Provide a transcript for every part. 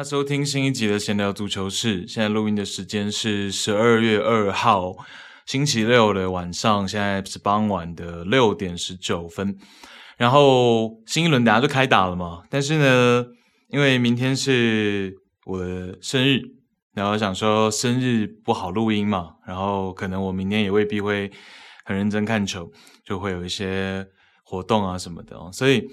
大家收聽新一集的閒聊足球室，現在錄音的時間是十二月二號星期六的晚上，現在是傍晚的六點十九分。然後新一輪大家就開打了嘛，但是呢，因為明天是我的生日，然後想說生日不好錄音嘛，然後可能我明天也未必會很認真看球，就會有一些活動啊什麼的，所以。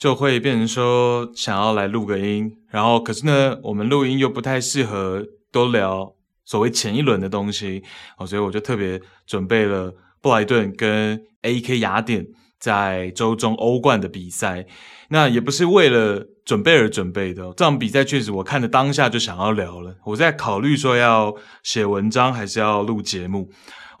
就會變成說想要來錄個音，然後可是呢，我們錄音又不太適合多聊所謂前一輪的東西。所以我就特別準備了布萊頓跟 AEK 雅典在周中歐冠的比賽。那也不是為了準備而準備的，這場比賽確實我看的當下就想要聊了。我在考慮說要寫文章還是要錄節目，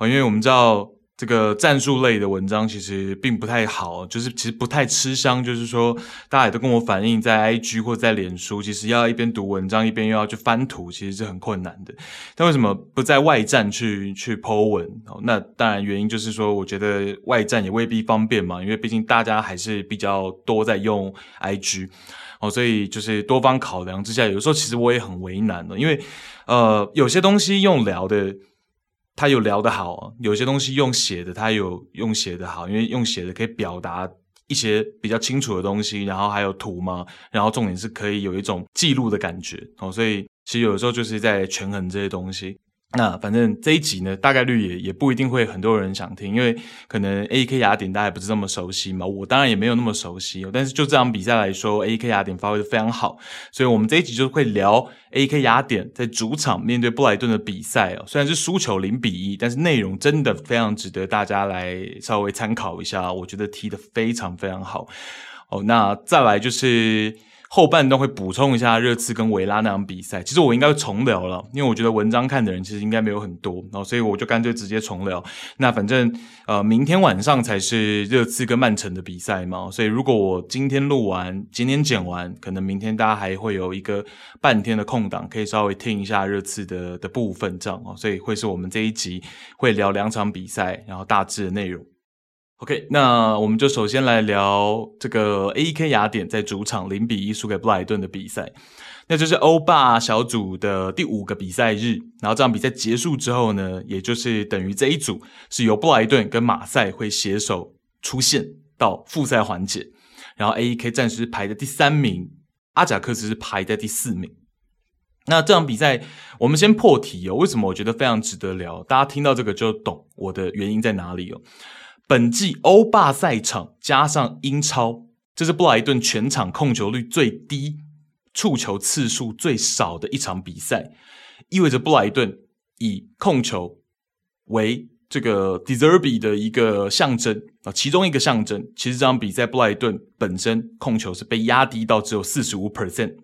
因為我們知道。這個戰術類的文章其實並不太好，就是其實不太吃香。就是說，大家也都跟我反映，在 IG 或者在臉書，其實要一邊讀文章一邊又要去翻圖，其實是很困難的。那為什麼不在外站去去 po 文？哦，那當然原因就是說，我覺得外站也未必方便嘛，因為畢竟大家還是比較多在用 IG，哦，所以就是多方考量之下，有時候其實我也很為難的，因為呃，有些東西用聊的，他有聊得好，有些東西用寫的，他有用寫的好，因為用寫的可以表達一些比較清楚的東西，然後還有圖嘛，然後重點是可以有一種記錄的感覺，哦，所以其實有的時候就是在權衡這些東西。那、啊、反正這一集呢，大概率也也不一定會很多人想聽，因為可能 AEK 雅典大家也不是那麼熟悉嘛，我當然也沒有那麼熟悉、哦，但是就這場比賽來說，AEK 雅典發揮的非常好，所以我們這一集就會聊 AEK 雅典在主場面對布萊頓的比賽哦，雖然是輸球零比一，但是內容真的非常值得大家來稍微參考一下，我覺得踢的非常非常好哦，那再來就是。後半段會補充一下熱刺跟維拉那場比賽。其實我應該會重聊了，因為我覺得文章看的人其實應該沒有很多，然後、哦、所以我就乾脆直接重聊。那反正呃，明天晚上才是熱刺跟曼城的比賽嘛，所以如果我今天錄完，今天剪完，可能明天大家還會有一個半天的空檔，可以稍微聽一下熱刺的的部分這樣、哦。所以會是我們這一集會聊兩場比賽，然後大致的內容。OK，那我們就首先來聊這個 AEK 雅典在主場零比一輸給布萊頓的比賽，那就是歐霸小組的第五個比賽日。然後這場比賽結束之後呢，也就是等於這一組是由布萊頓跟馬賽會攜手出現到複賽環節。然後 AEK 暫時排在第三名，阿賈克斯是排在第四名。那這場比賽我們先破題哦，為什麼我覺得非常值得聊？大家聽到這個就懂我的原因在哪裡哦。本季歐霸賽場加上英超，這是布萊頓全場控球率最低、觸球次數最少的一場比賽，意味着布萊頓以控球為這個 De Zerbi 的一個象徵啊。其中一個象徵，其實這場比賽布萊頓本身控球是被壓低到只有四十五 percent，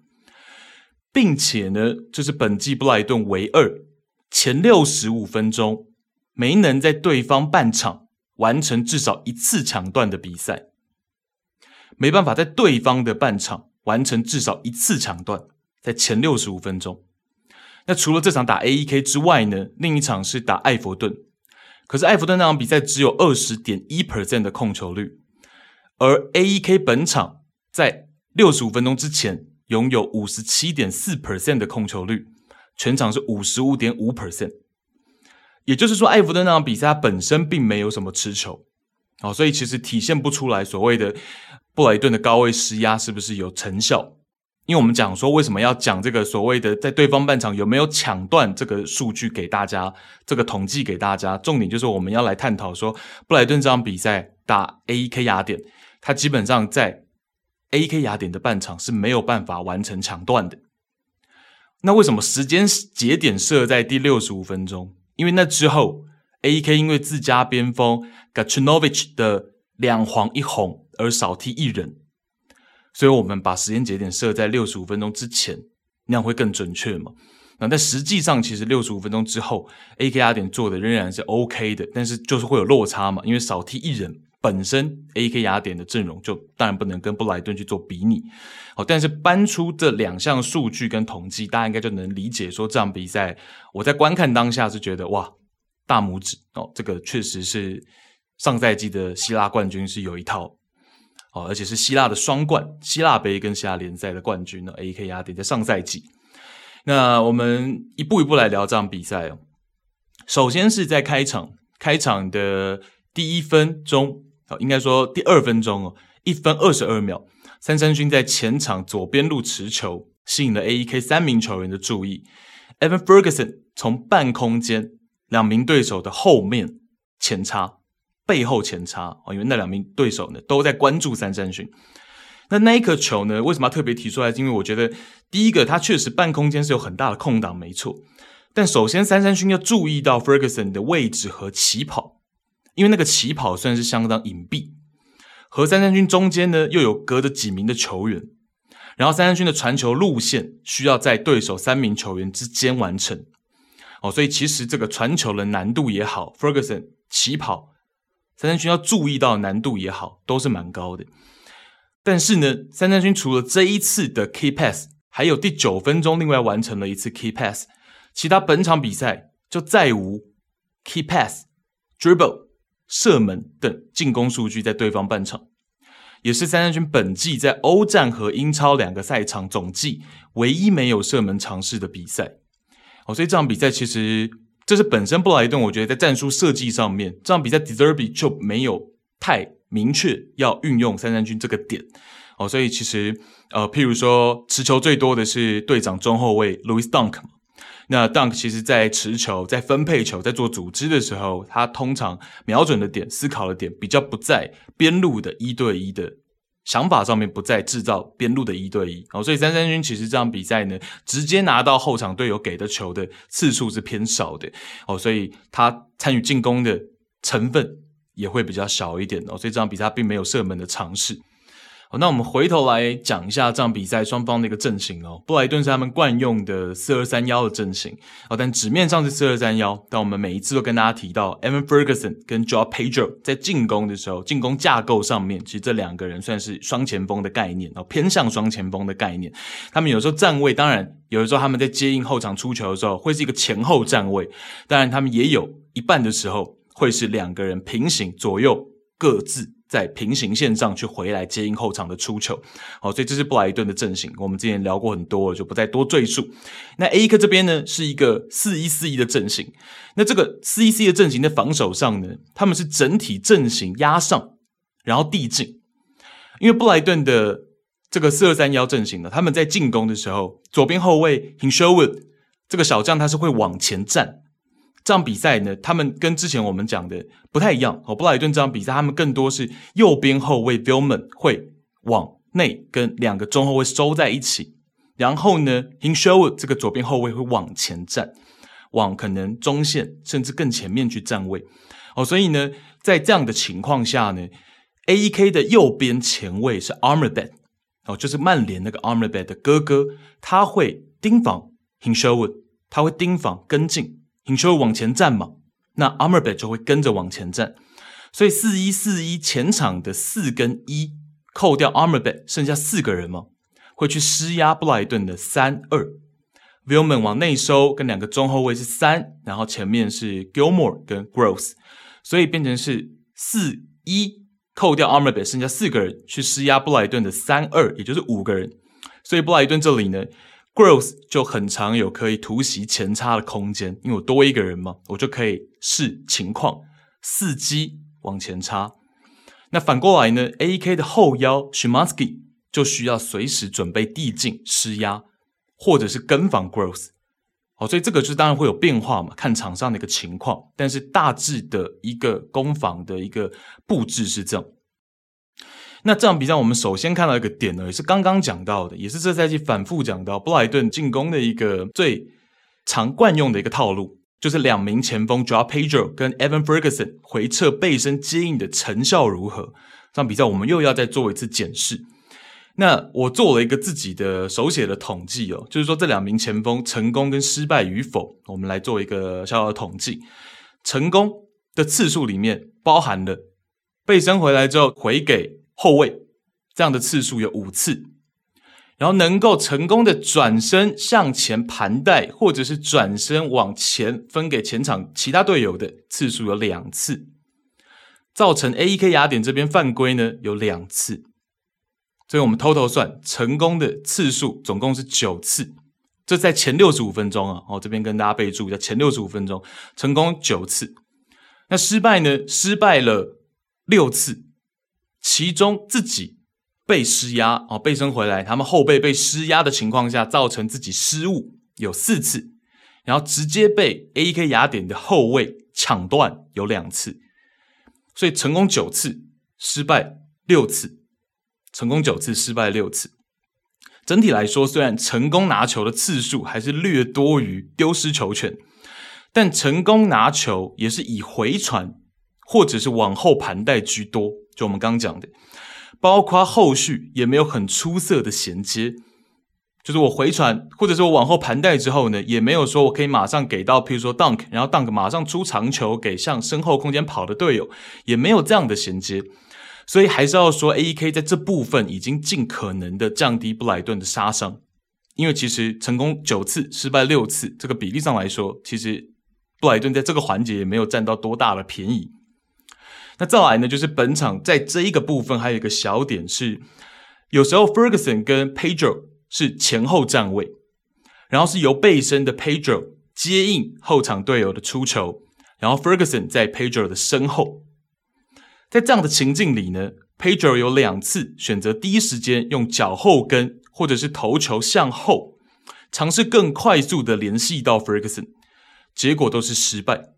並且呢，這、就是本季布萊頓唯二前六十五分鐘沒能在對方半場完成至少一次搶斷的比賽，沒辦法在對方的半場完成至少一次搶斷，在前六十五分鐘。那除了這場打 AEK 之外呢，另一場是打埃弗頓，可是埃弗頓那場比賽只有二十點一 percent 的控球率，而 AEK 本場在六十五分鐘之前擁有五十七點四 percent 的控球率，全場是五十五點五 percent。也就是說，埃弗頓那場比賽他本身並沒有什麼持球，好、哦，所以其實體現不出來所謂的布萊頓的高位施壓是不是有成效。因為我們講說，為什麼要講這個所謂的在對方半場有沒有搶斷這個數據給大家，這個統計給大家，重點就是我們要來探討說，布萊頓這場比賽打 AEK 雅典，他基本上在 AEK 雅典的半場是沒有辦法完成搶斷的。那為什麼時間節點設在第六十五分鐘？因為那之後，A.E.K. 因為自家邊鋒 Gacinovich 的兩黃一紅而少踢一人，所以我們把時間節點設在六十五分鐘之前，那樣會更準確嘛？那但實際上，其實六十五分鐘之後，AEK 雅典做的仍然是 O.K. 的，但是就是會有落差嘛，因為少踢一人。本身 AEK 雅典的陣容就當然不能跟布萊頓去做比擬，好，但是搬出這兩項數據跟統計，大家應該就能理解說這場比賽，我在觀看當下是覺得哇，大拇指哦，這個確實是上賽季的希臘冠軍是有一套，哦，而且是希臘的雙冠，希臘杯跟希臘聯賽的冠軍呢。AEK 雅典在上賽季，那我們一步一步來聊這場比賽哦。首先是在開場，開場的第一分鐘。好，應該說第二分鐘哦，一分二十二秒，三笘薰在前場左邊路持球，吸引了 AEK 三名球員的注意。Evan Ferguson 從半空間兩名對手的後面前插，背後前插哦，因為那兩名對手呢都在關注三笘薰。那那一顆球呢，為什麼要特別提出來？是因為我覺得第一個，他確實半空間是有很大的空檔，沒錯。但首先，三笘薰要注意到 Ferguson 的位置和起跑。因為那個起跑算是相當隱蔽，和三三軍中間呢又有隔着幾名的球員，然後三三軍的傳球路線需要在對手三名球員之間完成，哦，所以其實這個傳球的難度也好，Ferguson 起跑三三軍要注意到的難度也好，都是蠻高的。但是呢，三三軍除了這一次的 Key Pass，還有第九分鐘另外完成了一次 Key Pass，其他本場比賽就再無 Key Pass、Dribble。射門等進攻數據在對方半場，也是三笘薰本季在歐戰和英超兩個賽場總計唯一沒有射門嘗試的比賽。哦，所以這場比賽其實這是本身布萊頓我覺得在戰術設計上面，這場比賽 De Zerbi 就沒有太明確要運用三笘薰這個點。哦，所以其實呃，譬如說持球最多的是隊長中後衛 Lewis Dunk 那 Dunk 其實在持球，在分配球，在做組織的時候，他通常瞄準的點，思考的點比較不在邊路的一對一的想法上面，不在制造邊路的一對一。哦，所以三三軍其實這場比賽呢，直接拿到後場隊友給的球的次數是偏少的。哦，所以他參與進攻的成分也會比較少一點。哦，所以這場比賽他並沒有射門的嘗試。好、哦，那我們回頭來講一下這場比賽雙方的一個陣型哦。布萊頓是他們慣用的四二三幺的陣型哦，但紙面上是四二三幺，但我們每一次都跟大家提到 Evan Ferguson 跟 Joe Pedro 在進攻的時候，進攻架構上面，其實這兩個人算是雙前鋒的概念哦，偏向雙前鋒的概念。他們有的時候站位，當然有的時候他們在接應後場出球的時候，會是一個前後站位；當然他們也有一半的時候，會是兩個人平行左右各自。在平行線上去回來接應後場的出球，好、哦，所以這是布萊頓的陣型。我們之前聊過很多，就不再多贅述。那 AEK 這邊呢，是一個四一四一的陣型。那這個四一四一的陣型的防守上呢，他們是整體陣型壓上，然後遞進。因為布萊頓的這個四二三幺陣型呢，他們在進攻的時候，左邊後衛 Hinshelwood 這個小將他是會往前站。這場比賽呢，他們跟之前我們講的不太一樣。哦，布萊頓這場比賽，他們更多是右邊後衛 Veltman 會往內跟兩個中後衛收在一起，然後呢 Hinshelwood 這個左邊後衛會往前站，往可能中線甚至更前面去站位。哦，所以呢，在這樣的情況下呢，A.E.K 的右邊前衛是 Amrabat，哦，就是曼聯那個 Amrabat 的哥哥，他會盯防 Hinshelwood，他會盯防跟進。你說往前站嘛，那 Amrabat 就會跟着往前站，所以四一四一前場的四跟一扣掉 Amrabat 剩下四個人嘛，會去施壓布萊頓的三二。Veltman 往內收，跟兩個中後位是三，然後前面是 Gilmore 跟 Gross，所以變成是四一，扣掉 Amrabat 剩下四個人去施壓布萊頓的三二，也就是五個人。所以布萊頓這裡呢？Growth 就很常有可以突襲前插的空間，因為我多一個人嘛，我就可以視情況伺機往前插。那反過來呢，AEK 的後腰 Szymański 就需要隨時準備遞進施壓，或者是跟防 Growth。好、哦，所以這個就是當然會有變化嘛，看場上的一個情況，但是大致的一個攻防的一個布置是這樣。那這場比賽，我們首先看到一個點呢，也是剛剛講到的，也是這賽季反复講到，布萊頓進攻的一個最常慣用的一個套路，就是兩名前鋒 João Pedro 跟 Evan Ferguson 回撤背身接應的成效如何？這場比賽我們又要再做一次檢視。那我做了一個自己的手寫的統計哦，就是說這兩名前鋒成功跟失敗與否，我們來做一個小小的統計。成功的次數裡面包含了背身回來之後回給，後衛這樣的次數有五次，然後能夠成功的轉身向前盤帶，或者是轉身往前分給前場其他隊友的次數有兩次，造成 AEK 雅典這邊犯規呢有兩次，所以我們偷偷算成功的次數總共是九次，這在前六十五分鐘啊，我這邊跟大家備註一下，前六十五分鐘成功九次，那失敗呢，失敗了六次。其中自己被施壓哦，背身回來，他們後背被施壓的情況下，造成自己失誤有四次，然後直接被 AEK 雅典的後衛搶斷有兩次，所以成功九次，失敗六次，成功九次，失敗六次。整體來說，雖然成功拿球的次數還是略多於丟失球權，但成功拿球也是以回傳或者是往後盤帶居多。就我們剛講的，包括後續也沒有很出色的銜接，就是我回傳或者說我往後盤帶之後呢，也沒有說我可以馬上給到，譬如說 Dunk，然後 Dunk 馬上出長球給向身後空間跑的隊友，也沒有這樣的銜接，所以還是要說 AEK 在這部分已經盡可能的降低布萊頓的殺傷，因為其實成功九次，失敗六次，這個比例上來說，其實布萊頓在這個環節也沒有佔到多大的便宜。那再來呢，就是本場在這一個部分，還有一個小點是，有時候 Ferguson 跟 Pedro 是前後站位，然後是由背身的 Pedro 接應後場隊友的出球，然後 Ferguson 在 Pedro 的身後，在這樣的情境裡呢，Pedro 有兩次選擇第一時間用腳後跟或者是頭球向後嘗試更快速的聯繫到 Ferguson，結果都是失敗。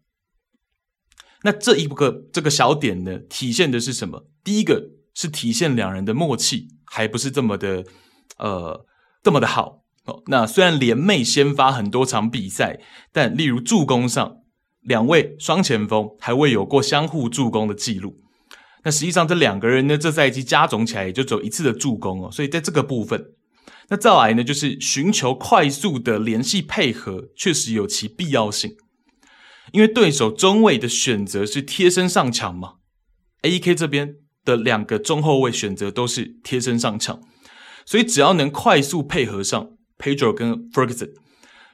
那這一個這個小點呢，體現的是什麼？第一個是體現兩人的默契，還不是這麼的，呃，這麼的好。哦、那雖然聯袂先發很多場比賽，但例如助攻上，兩位雙前鋒還未有過相互助攻的記錄。那實際上這兩個人呢，這賽季加總起來也就只有一次的助攻哦。所以在這個部分，那再來呢，就是尋求快速的聯繫配合，確實有其必要性。因為對手中衛的選擇是貼身上搶嘛，AEK 這邊的兩個中後衛選擇都是貼身上搶，所以只要能快速配合上 Pedro 跟 Ferguson，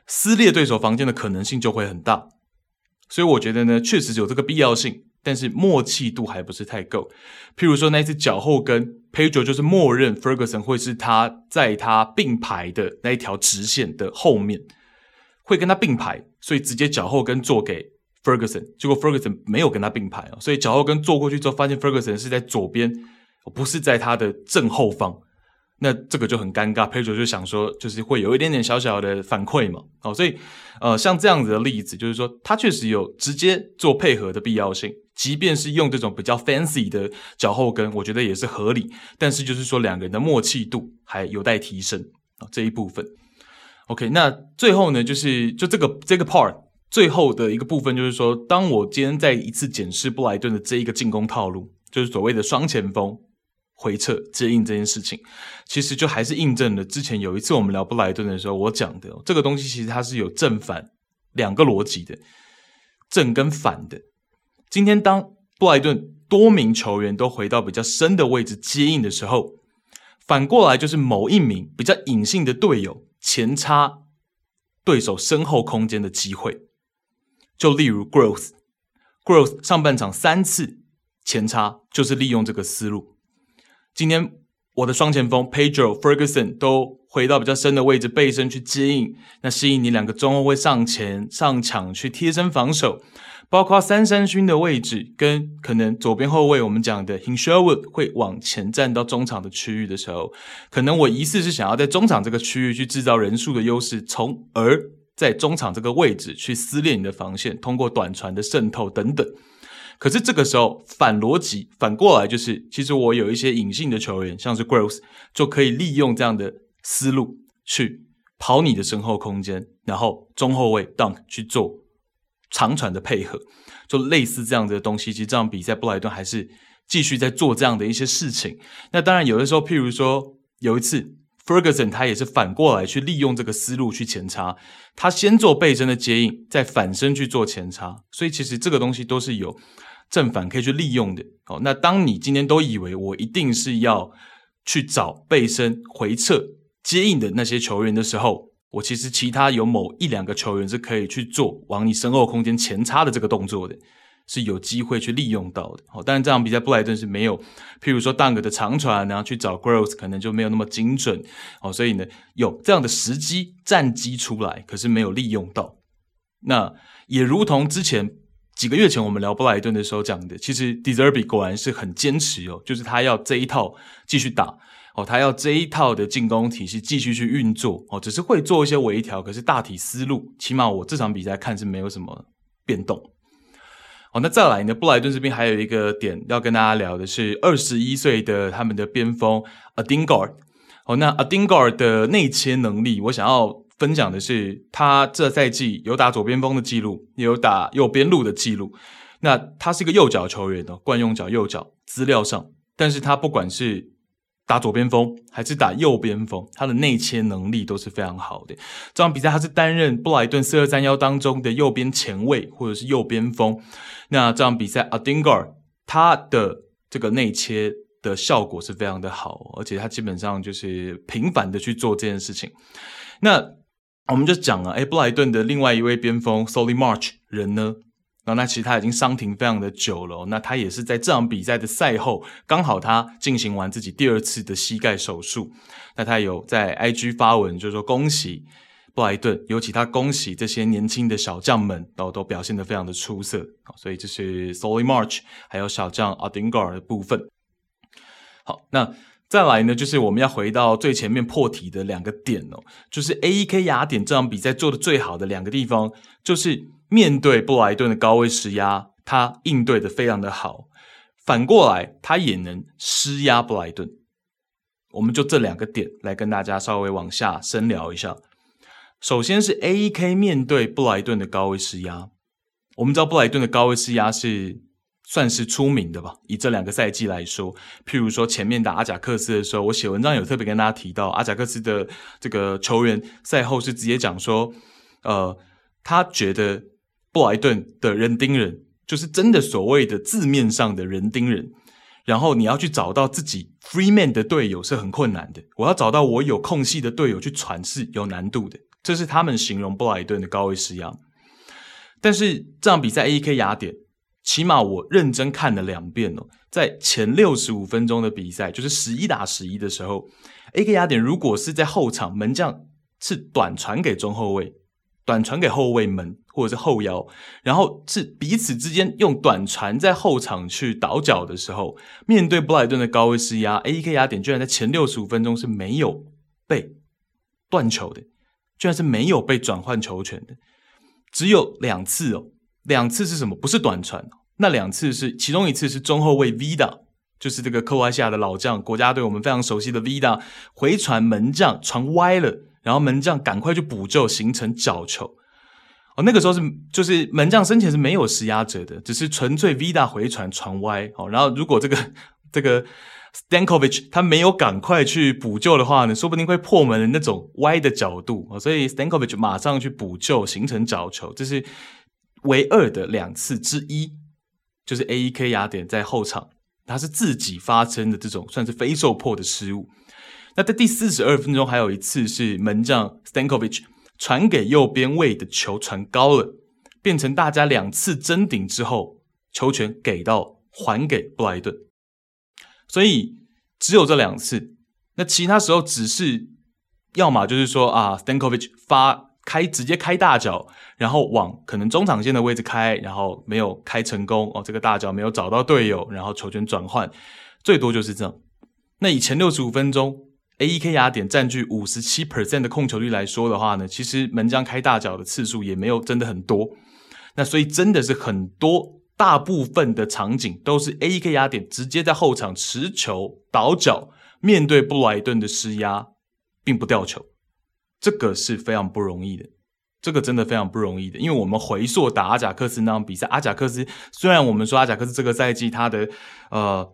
撕裂對手防線的可能性就會很大。所以我覺得呢，確實有這個必要性，但是默契度還不是太夠。譬如說那一腳後跟，Pedro 就是默認 Ferguson 會是他在他並排的那一條直線的後面，會跟他並排。所以直接腳後跟做給 Ferguson，結果 Ferguson 沒有跟他並排哦，所以腳後跟做過去之後，發現 Ferguson 是在左邊，不是在他的正後方，那這個就很尷尬。Pedro 就想說，就是會有一點點小小的反饋嘛，哦，所以呃，像這樣子的例子，就是說他確實有直接做配合的必要性，即便是用這種比較 fancy 的腳後跟，我覺得也是合理，但是就是說，兩個人的默契度還有待提升啊，這一部分。OK，那最後呢，就是就這個這個 part 最後的一個部分，就是說，當我今天再一次檢視布萊頓的這一個進攻套路，就是所謂的雙前鋒回撤接應這件事情，其實就還是印證了之前有一次我們聊布萊頓的時候我的，我講的這個東西，其實它是有正反兩個邏輯的，正跟反的。今天當布萊頓多名球員都回到比較深的位置接應的時候，反過來就是某一名比較隱性的隊友，前插對手身後空間的機會，就例如 Gross，Gross Gross 上半場三次前插就是利用這個思路。今天我的雙前鋒 Pedro Ferguson 都回到比較深的位置背身去接應，那吸引你兩個中後衛上前上搶去貼身防守。包括三笘薰的位置跟可能左邊後衛，我們講的 Hinshaw 會往前站到中場的區域的時候，可能我疑似是想要在中場這個區域去制造人數的優勢，從而在中場這個位置去撕裂你的防線，通過短傳的滲透等等。可是這個時候反邏輯反過來就是，其實我有一些隱性的球員，像是 Gross 就可以利用這樣的思路去跑你的身後空間，然後中後衛 Dunk 去做。長傳的配合，就類似這樣子的東西。其實這場比賽布萊頓還是繼續在做這樣的一些事情。那當然，有的時候，譬如說有一次，Ferguson 他也是反過來去利用這個思路去前插，他先做背身的接應，再反身去做前插。所以其實這個東西都是有正反可以去利用的。哦，那當你今天都以為我一定是要去找背身回撤接應的那些球員的時候，我其實其他有某一兩個球員是可以去做往你身後空間前插的這個動作的，是有機會去利用到的。哦，但是這場比賽布萊頓是沒有，譬如說 Dunk 的長傳、啊，然後去找 Growth 可能就沒有那麼精準。哦，所以呢有這樣的時機戰機出來，可是沒有利用到。那也如同之前幾個月前我們聊布萊頓的時候講的，其實 De Zerbi 果然是很堅持哦，就是他要這一套繼續打。哦，他要這一套的進攻體系繼續去運作哦，只是會做一些微調，可是大體思路，起碼我這場比賽看是沒有什麼變動。好、哦，那再來呢，布萊頓這邊還有一個點要跟大家聊的是，二十一歲的他們的邊鋒 Adingra。哦，那 Adingra 的內切能力，我想要分享的是，他這賽季有打左邊鋒的記錄，也有打右邊路的記錄。那他是一個右腳球員的慣、哦、用腳，右腳資料上，但是他不管是打左邊鋒還是打右邊鋒，他的內切能力都是非常好的。這場比賽他是擔任布萊頓四二三幺當中的右邊前衛或者是右邊鋒。那這場比賽阿丁格爾他的這個內切的效果是非常的好，而且他基本上就是頻繁的去做這件事情。那我們就講了、啊，哎、欸，布萊頓的另外一位邊鋒 Solly March 人呢？然、哦，然後，那其實他已經傷停非常的久了哦。那他也是在這場比賽的賽後，剛好他進行完自己第二次的膝蓋手術。那他有在 IG 發文，就是說恭喜布萊頓，尤其他恭喜這些年輕的小將們，然、哦，都表現得非常的出色。哦，所以就是 Solly March 還有小將 Adingra 的部分。好，那再來呢，就是我們要回到最前面破題的兩個點哦，就是 AEK 雅典這場比賽做得最好的兩個地方，就是。面對布萊頓的高位施壓，他應對的非常的好。反過來，他也能施壓布萊頓。我們就這兩個點來跟大家稍微往下深聊一下。首先是 AEK 面對布萊頓的高位施壓，我們知道布萊頓的高位施壓是算是出名的吧？以這兩個賽季來說，譬如說前面打阿賈克斯的時候，我寫文章有特別跟大家提到，阿賈克斯的這個球員賽後是直接講說，呃，他覺得。布萊頓的人盯人，就是真的所謂的字面上的人盯人。然後你要去找到自己 free man 的隊友是很困難的。我要找到我有空隙的隊友去傳是有難度的。這是他們形容布萊頓的高位施壓。但是這場比賽 AEK 雅典，起碼我認真看了兩遍哦。在前六十五分鐘的比賽，就是十一打十一的時候，AEK 雅典如果是在後場，門將是短傳給中後衛。短傳給後衛門或者是後腰，然後是彼此之間用短傳在後場去倒腳的時候，面對布萊頓的高位施壓，A.E.K. 雅典居然在前六十五分鐘是沒有被斷球的，居然是沒有被轉換球權的，只有兩次哦，兩次是什麼？不是短傳，那兩次是其中一次是中後衛 Vida，就是這個克羅地亞的老將，國家隊我們非常熟悉的 Vida 回傳門將，傳歪了。然後門將趕快去補救，形成角球。哦，那個時候是就是門將身前是沒有施壓者的，只是純粹 Vida 回傳傳歪。哦，然後如果這個這個 Stankovich 他沒有趕快去補救的話呢，說不定會破門的那種歪的角度。哦，所以 Stankovich 馬上去補救，形成角球，這是唯二的兩次之一，就是 AEK 雅典在後場，他是自己發生的這種算是非受迫的失誤。那在第四十二分鐘，還有一次是門將 Stankovic 傳給右邊衛的球傳高了，變成大家兩次爭頂之後，球權給到還給布萊頓。所以只有這兩次，那其他時候只是要麼就是說啊，Stankovic 發開直接開大腳，然後往可能中場線的位置開，然後沒有開成功哦，這個大腳沒有找到隊友，然後球權轉換，最多就是這樣。那以前六十五分鐘。AEK 雅典佔據五十七 percent 的控球率來說的話呢，其實門將開大腳的次數也沒有真的很多。那所以真的是很多，大部分的場景都是 AEK 雅典直接在後場持球倒腳，面對布萊頓的施壓，並不掉球，這個是非常不容易的。這個真的非常不容易的，因為我們回溯打阿賈克斯那場比賽，阿賈克斯雖然我們說阿賈克斯這個賽季他的呃。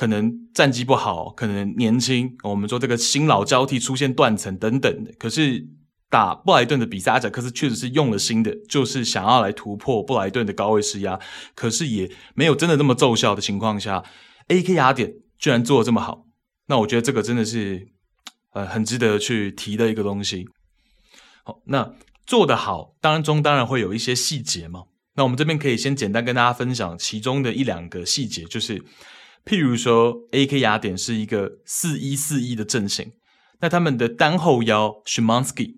可能戰績不好，可能年輕，我們說這個新老交替出現斷層等等的。可是打布萊頓的比賽，阿賈克斯確實是用了心的，就是想要來突破布萊頓的高位施壓，可是也沒有真的這麼奏效的情況下，AEK 雅典居然做的這麼好，那我覺得這個真的是呃很值得去提的一個東西。好，那做的好當中當然會有一些細節嘛，那我們這邊可以先簡單跟大家分享其中的一兩個細節，就是。譬如說，AEK 雅典是一個四一四一的陣型，那他們的單後腰 Szymański，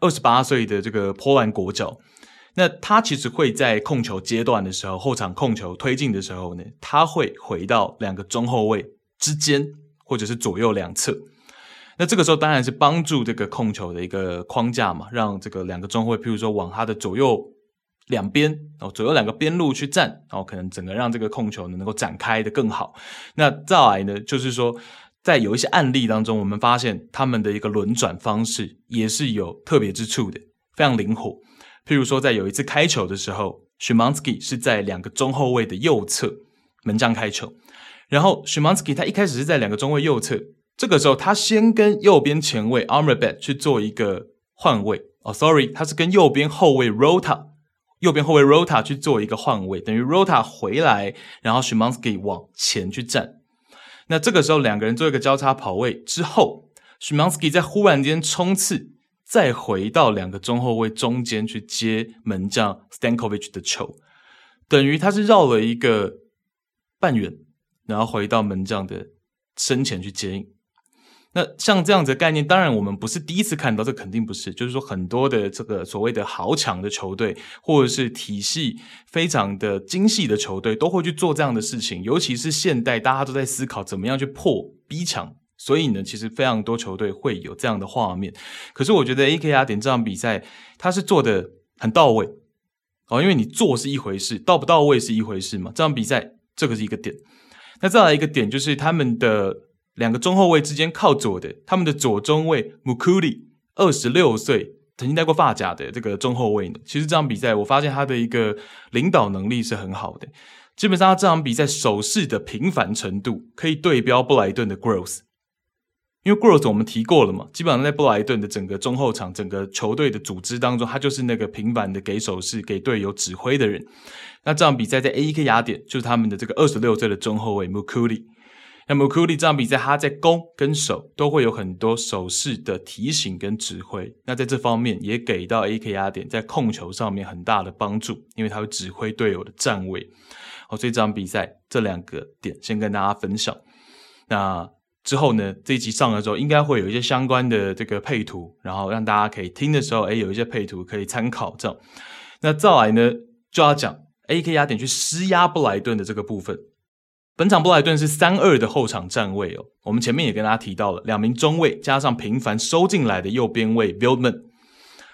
二十八歲的這個波蘭國腳，那他其實會在控球階段的時候，後場控球推進的時候呢，他會回到兩個中後衛之間，或者是左右兩側，那這個時候當然是幫助這個控球的一個框架嘛，讓這個兩個中後衛，譬如說往他的左右。兩邊哦，左右兩個邊路去站，然後可能整個讓這個控球呢能夠展開的更好。那再來呢，就是說在有一些案例當中，我們發現他們的一個輪轉方式也是有特別之處的，非常靈活。譬如說，在有一次開球的時候 Shimansky 是在兩個中後衛的右側，門將開球，然後 Shimansky 他一開始是在兩個中衛右側，這個時候他先跟右邊前衛 Armabek 去做一個換位哦，oh, sorry，他是跟右邊後衛 Rota。右邊後衛 Rota 去做一個換位，等於 Rota 回來，然後 Shumansky 往前去站。那這個時候，兩個人做一個交叉跑位之後 Shumansky 在忽然間衝刺，再回到兩個中後衛中間去接門將 Stankovic 的球，等於他是繞了一個半圓，然後回到門將的身前去接應。那像這樣子的概念，當然我們不是第一次看到，這肯定不是。就是說，很多的這個所謂的豪強的球隊，或者是體系非常的精細的球隊，都會去做這樣的事情。尤其是現代，大家都在思考怎麼樣去破逼搶，所以呢，其實非常多球隊會有這樣的畫面。可是我覺得 AEK 雅典這場比賽，它是做的很到位哦，因為你做是一回事，到不到位是一回事嘛。這場比賽這個是一個點，那再來一個點就是他們的。兩個中後衛之間靠左的，他們的左中衛 Moukoudi，二十六歲，曾經戴過髮夾的這個中後衛呢。其實這場比賽我發現他的一個領導能力是很好的，基本上他這場比賽手勢的頻繁程度可以對標布萊頓的 Gross，因為 Gross 我們提過了嘛，基本上在布萊頓的整個中後場、整個球隊的組織當中，他就是那個頻繁的給手勢、給隊友指揮的人。那這場比賽在 AEK 雅典，就是他們的這個二十六歲的中後衛 Moukoudi。Moukoudi，那麼庫里這場比賽，他在攻跟守都會有很多手勢的提醒跟指揮。那在這方面也給到 AEK 雅典在控球上面很大的幫助，因為他會指揮隊友的站位。好，所以這場比賽這兩個點先跟大家分享。那之後呢，這一集上來之後，應該會有一些相關的這個配圖，然後讓大家可以聽的時候，哎，有一些配圖可以參考這樣。那再來呢，就要講 AEK 雅典去施壓布萊頓的這個部分。本場布萊頓是三二的後場站位哦，我們前面也跟大家提到了，兩名中衛加上頻繁收進來的右邊衛 Veltman。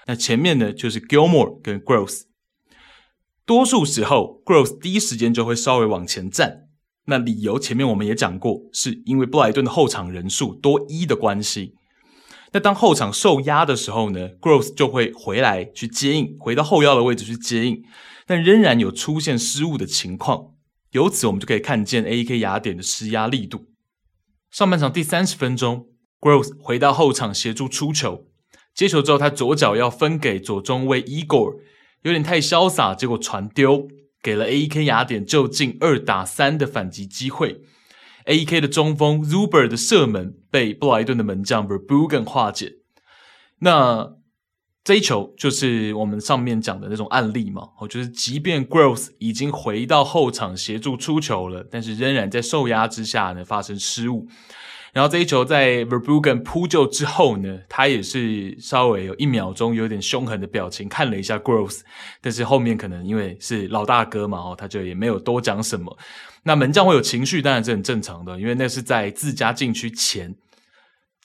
那前面呢就是 Gilmore 跟 Gross。多數時候 Gross 第一時間就會稍微往前站，那理由前面我們也講過，是因為布萊頓的後場人數多一的關係。那當後場受壓的時候呢，Gross 就會回來去接應，回到後腰的位置去接應，但仍然有出現失誤的情況。由此，我們就可以看見 A.E.K. 雅典的施壓力度。上半場第三十分鐘，Gross 回到後場協助出球，接球之後他左腳要分給左中衛 Igor 有點太瀟灑，結果傳丟，給了 A.E.K. 雅典就近二打三的反擊機會。A.E.K. 的中鋒 Zuber 的射門被布萊頓的門將 Verbruggen 化解。那。這一球就是我們上面講的那種案例嘛，就是即便 Growth 已經回到後場協助出球了，但是仍然在受壓之下呢發生失誤。然後這一球在 Verbruggen 撲救之後呢，他也是稍微有一秒鐘有點兇狠的表情，看了一下 Growth，但是後面可能因為是老大哥嘛，哦，他就也沒有多講什麼。那門將會有情緒，當然是很正常的，因為那是在自家禁區前。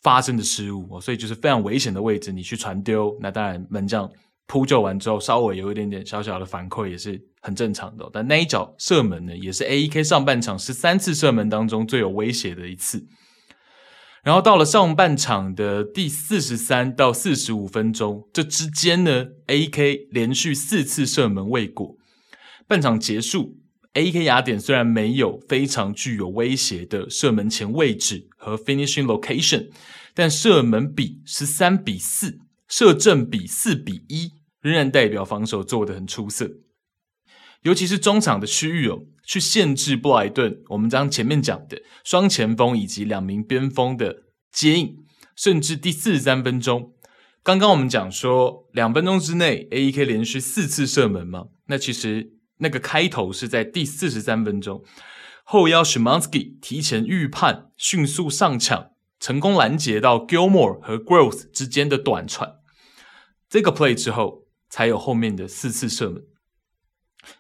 發生的失誤，所以就是非常危險的位置，你去傳丟，那當然門將撲救完之後，稍微有一點點小小的反饋也是很正常的。但那一腳射門呢，也是 AEK 上半場十三次射門當中最有威脅的一次。然後到了上半場的第四十三到四十五分鐘，這之間呢，AEK 連續四次射門未果。半場結束。A.K. 雅典雖然沒有非常具有威脅的射門前位置和 finishing location，但射門比十三比四，射正比四比一，仍然代表防守做得很出色。尤其是中場的區域哦，去限制布萊頓。我們剛前面講的雙前鋒以及兩名邊鋒的接應，甚至第四十三分鐘，剛剛我們講說兩分鐘之內 A.K. 連續四次射門嘛，那其實。那個開頭是在第四十三分鐘，後腰 Shumansky 提前預判，迅速上搶，成功攔截到 Gilmore 和 Gross 之間的短傳。這個 play 之後，才有後面的四次射門。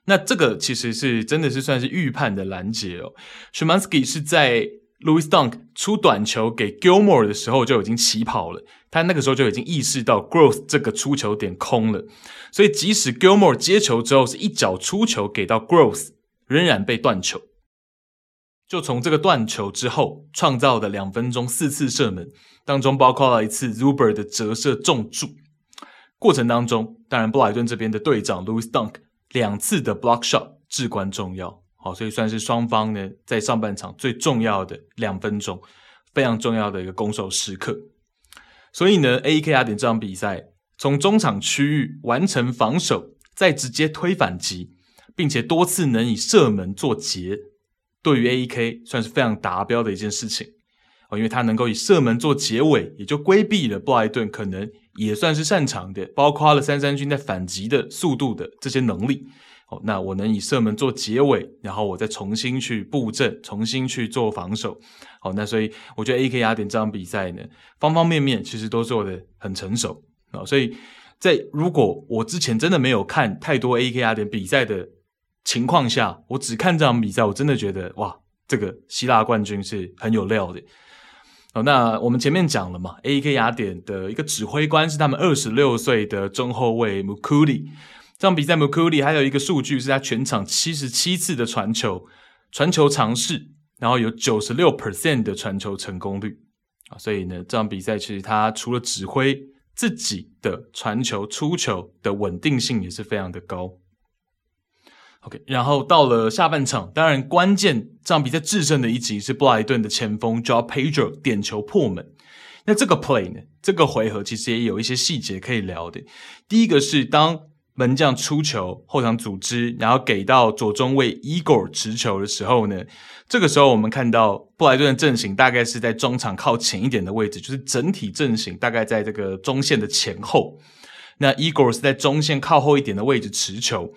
那這個其實是真的是算是預判的攔截哦。Shumansky 是在 Louis Dunk 出短球給 Gilmore 的時候就已經起跑了。他那個時候就已經意識到 Gross 這個出球點空了，所以即使 Gilmore 接球之後是一腳出球給到 Gross，仍然被斷球。就從這個斷球之後創造的兩分鐘四次射門當中，包括了一次 Zuber 的折射中柱。過程當中，當然布萊頓這邊的隊長 Lewis Dunk 兩次的 Block Shot 至關重要。好，所以算是雙方呢，在上半場最重要的兩分鐘非常重要的一個攻守時刻。所以呢，A E K 雅典這場比賽從中場區域完成防守，再直接推反擊，並且多次能以射門做結，對於 A E K 算是非常達標的一件事情哦，因為他能夠以射門做結尾，也就規避了布萊頓可能也算是擅長的，包括了三三軍在反擊的速度的這些能力。哦，那我能以射門做結尾，然後我再重新去佈陣，重新去做防守。好，那所以我覺得 AEK 雅典這場比賽呢，方方面面其實都做得很成熟啊。所以在如果我之前真的沒有看太多 AEK 雅典比賽的情況下，我只看這場比賽，我真的覺得哇，這個希臘冠軍是很有料的。好，那我們前面講了嘛，AEK 雅典的一個指揮官是他們二十六歲的中後衛 Mukuli。這場比賽 McCurry 還有一個數據是他全場七十七次的傳球、傳球嘗試，然後有九十六 percent 的傳球成功率啊，所以呢，這場比賽其實他除了指揮自己的傳球出球的穩定性也是非常的高。OK，然後到了下半場，當然關鍵這場比賽制勝的一集是布萊頓的前鋒叫 João Pedro 點球破門。那這個 play 呢，這個回合其實也有一些細節可以聊的。第一個是當。門將出球，後場組織，然後給到左中衛 Egor 持球的時候呢，這個時候我們看到布萊頓的陣型大概是在中場靠前一點的位置，就是整體陣型大概在這個中線的前後。那 Egor 是在中線靠後一點的位置持球。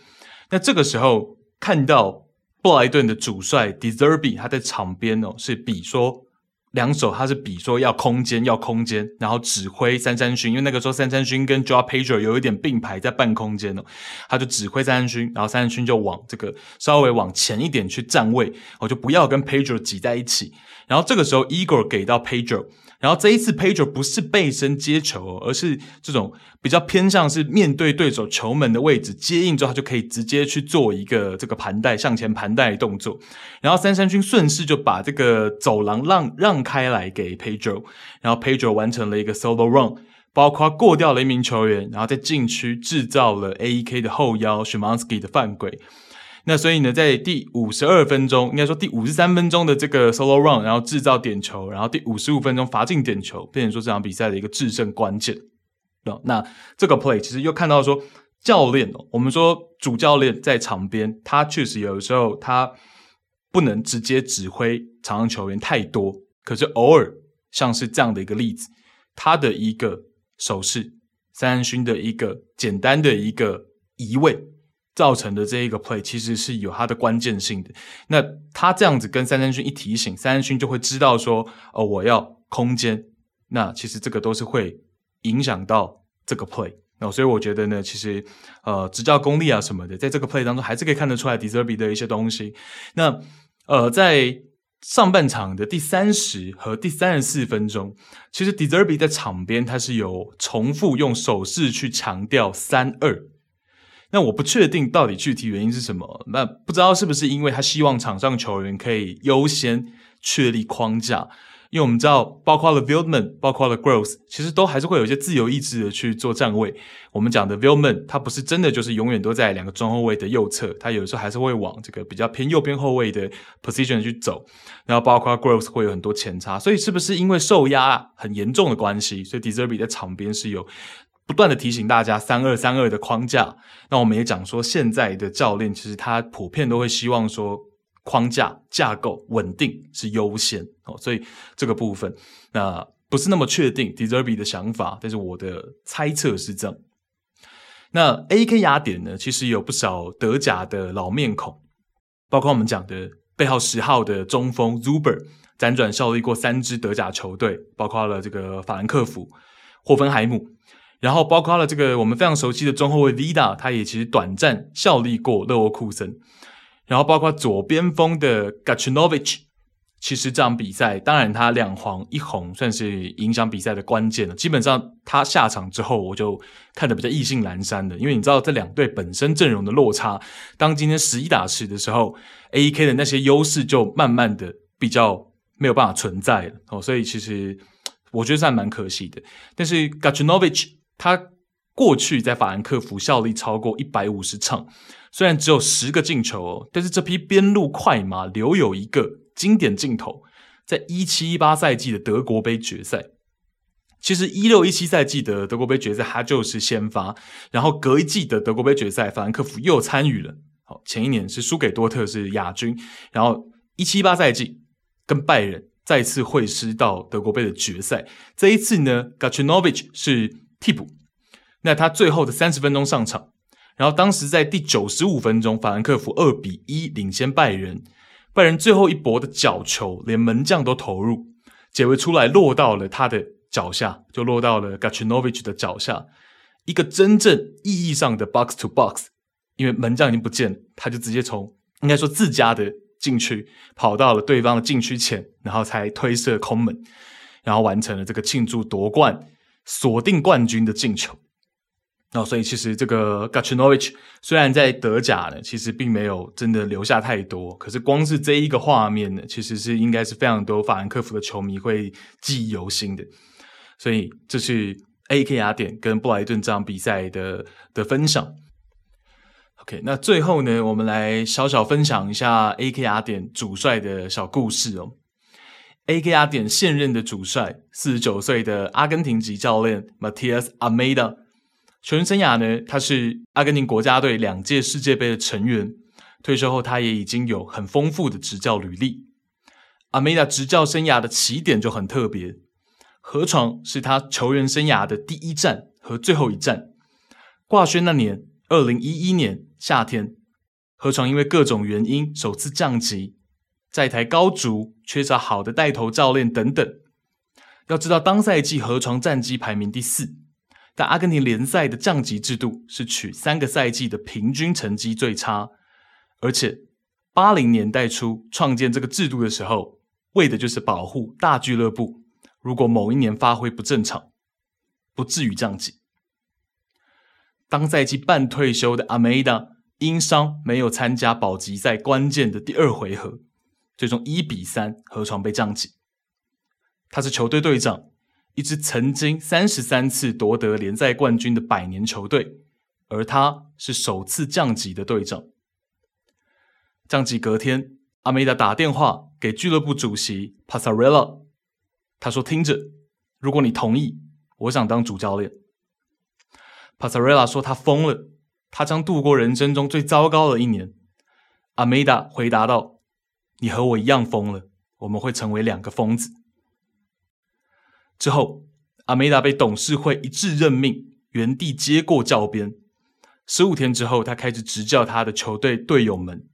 那這個時候看到布萊頓的主帥 De Zerbi, 他在場邊哦，是比說。兩手，他是比說要空間，要空間，然後指揮三笘薰，因為那個時候三笘薰跟 João Pedro 有一點並排在半空間呢、哦，他就指揮三笘薰，然後三笘薰就往這個稍微往前一點去站位，我、哦、就不要跟 Pedro 擠在一起，然後這個時候 Igor 給到 Pedro。然後這一次，Pedro 不是背身接球，而是這種比較偏向是面對對手球門的位置接應之後，他就可以直接去做一個這個盤帶向前盤帶的動作。然後三笘薰順勢就把這個走廊讓讓開來給 Pedro，然後 Pedro 完成了一個 Solo Run，包括過掉了一名球員，然後在禁區製造了 AEK 的後腰 Szymański 的犯規。那所以呢，在第五十二分鐘，應該說第五十三分鐘的這個 solo run，然後制造點球，然後第五十五分鐘罰進點球，變成說這場比賽的一個制勝關鍵。那那這個 play 其實又看到說，教練哦，我們說主教練在場邊，他確實有的時候他不能直接指揮場上球員太多，可是偶爾像是這樣的一個例子，他的一個手勢，三勳的一個簡單的一個移位。造成的這一個 play 其實是有它的關鍵性的。那他這樣子跟三三勳一提醒，三三勳就會知道說，哦、呃，我要空間。那其實這個都是會影響到這個 play。那所以我覺得呢，其實呃執教功力啊什麼的，在這個 play 當中還是可以看得出來 De Zerbi 的一些東西。那呃，在上半場的第三十和第三十四分鐘，其實 De Zerbi 在場邊他是有重複用手勢去強調三二。那我不確定到底具體原因是什麼。那不知道是不是因為他希望場上球員可以優先確立框架，因為我們知道，包括了 Veltman，包括了 Gross，其實都還是會有一些自由意志的去做站位。我們講的 Veltman，他不是真的就是永遠都在兩個中後衛的右側，他有的時候還是會往這個比較偏右邊後衛的 position 去走。然後包括 Gross 會有很多前插，所以是不是因為受壓很嚴重的關係，所以 De Zerbi 在場邊是有。不斷的提醒大家三二三二的框架。那我們也講說，現在的教練其實他普遍都會希望說框架架構穩定是優先哦，所以這個部分，那不是那麼確定 De Zerbi 的想法，但是我的猜測是這樣。那 AEK 雅典呢，其實有不少德甲的老面孔，包括我們講的背號十號的中鋒 Zuber，輾轉效力過三支德甲球隊，包括了這個法蘭克福、霍芬海姆。然後包括了這個我們非常熟悉的中後衛 Vida，他也其實短暫效力過勒沃庫森。然後包括左邊鋒的 Gacinovic，其實這場比賽當然他兩黃一紅算是影響比賽的關鍵了。基本上他下場之後，我就看得比較意興闌珊的，因為你知道這兩隊本身陣容的落差，當今天十一打十的時候，AEK 的那些優勢就慢慢的比較沒有辦法存在了。哦，所以其實我覺得算還蠻可惜的。但是 Gacinovic 他過去在法蘭克福效力超過一百五十場，雖然只有十個進球，哦，但是這匹邊路快馬留有一個經典鏡頭，在一七一八賽季的德國盃決賽。其實一六一七賽季的德國盃決賽，他就是先發，然後隔一季的德國盃決賽，法蘭克福又參與了。好，前一年是輸給多特，是亞軍，然後一七一八賽季跟拜仁再次會師到德國盃的決賽。這一次呢，Gacinovic 是。替補，那他最後的三十分鐘上場，然後當時在第九十五分鐘，法蘭克福二比一領先拜仁，拜仁最後一搏的角球，連門將都投入，解圍出來落到了他的腳下，就落到了 Gacinovic 的腳下，一個真正意義上的 box to box，因為門將已經不見了，他就直接從應該說自家的禁區跑到了對方的禁區前，然後才推射空門，然後完成了這個慶祝奪冠。鎖定冠軍的進球，那、哦、所以其實這個 Gaćinović 雖然在德甲呢，其實並沒有真的留下太多，可是光是這一個畫面呢，其實是應該是非常多法蘭克福的球迷會記憶猶新的。所以這、就是 AEK 雅典跟布萊頓這場比賽的的分享。OK，那最後呢，我們來小小分享一下 AEK 雅典主帥的小故事哦。AEK 雅典現任的主帥，四十九歲的阿根廷籍教練 Matías Almeyda。球員生涯呢，他是阿根廷國家隊兩屆世界杯的成員。退休後，他也已經有很豐富的執教履歷。Almeyda 執教生涯的起點就很特別，河床是他球員生涯的第一站和最後一站。掛靴那年，二零一一年夏天，河床因為各種原因首次降級。債台高築，缺少好的帶頭教練等等。要知道，當賽季河床戰績排名第四，但阿根廷聯賽的降級制度是取三個賽季的平均成績最差。而且，八零年代初創建這個制度的時候，為的就是保護大俱樂部，如果某一年發揮不正常，不至於降級。當賽季半退休的阿梅達因傷沒有參加保級賽關鍵的第二回合。最終一比三，河床被降級。他是球隊隊長，一支曾經三十三次奪得聯賽冠軍的百年球隊，而他是首次降級的隊長。降級隔天，阿梅達打電話給俱樂部主席帕薩瑞拉，他說：“聽着，如果你同意，我想當主教練。”帕薩瑞拉說他瘋了，他將度過人生中最糟糕的一年。阿梅達回答道。你和我一樣瘋了，我們會成為兩個瘋子。之後，阿梅達被董事會一致任命，原地接過教鞭。十五天之後，他開始執教他的球隊隊友們。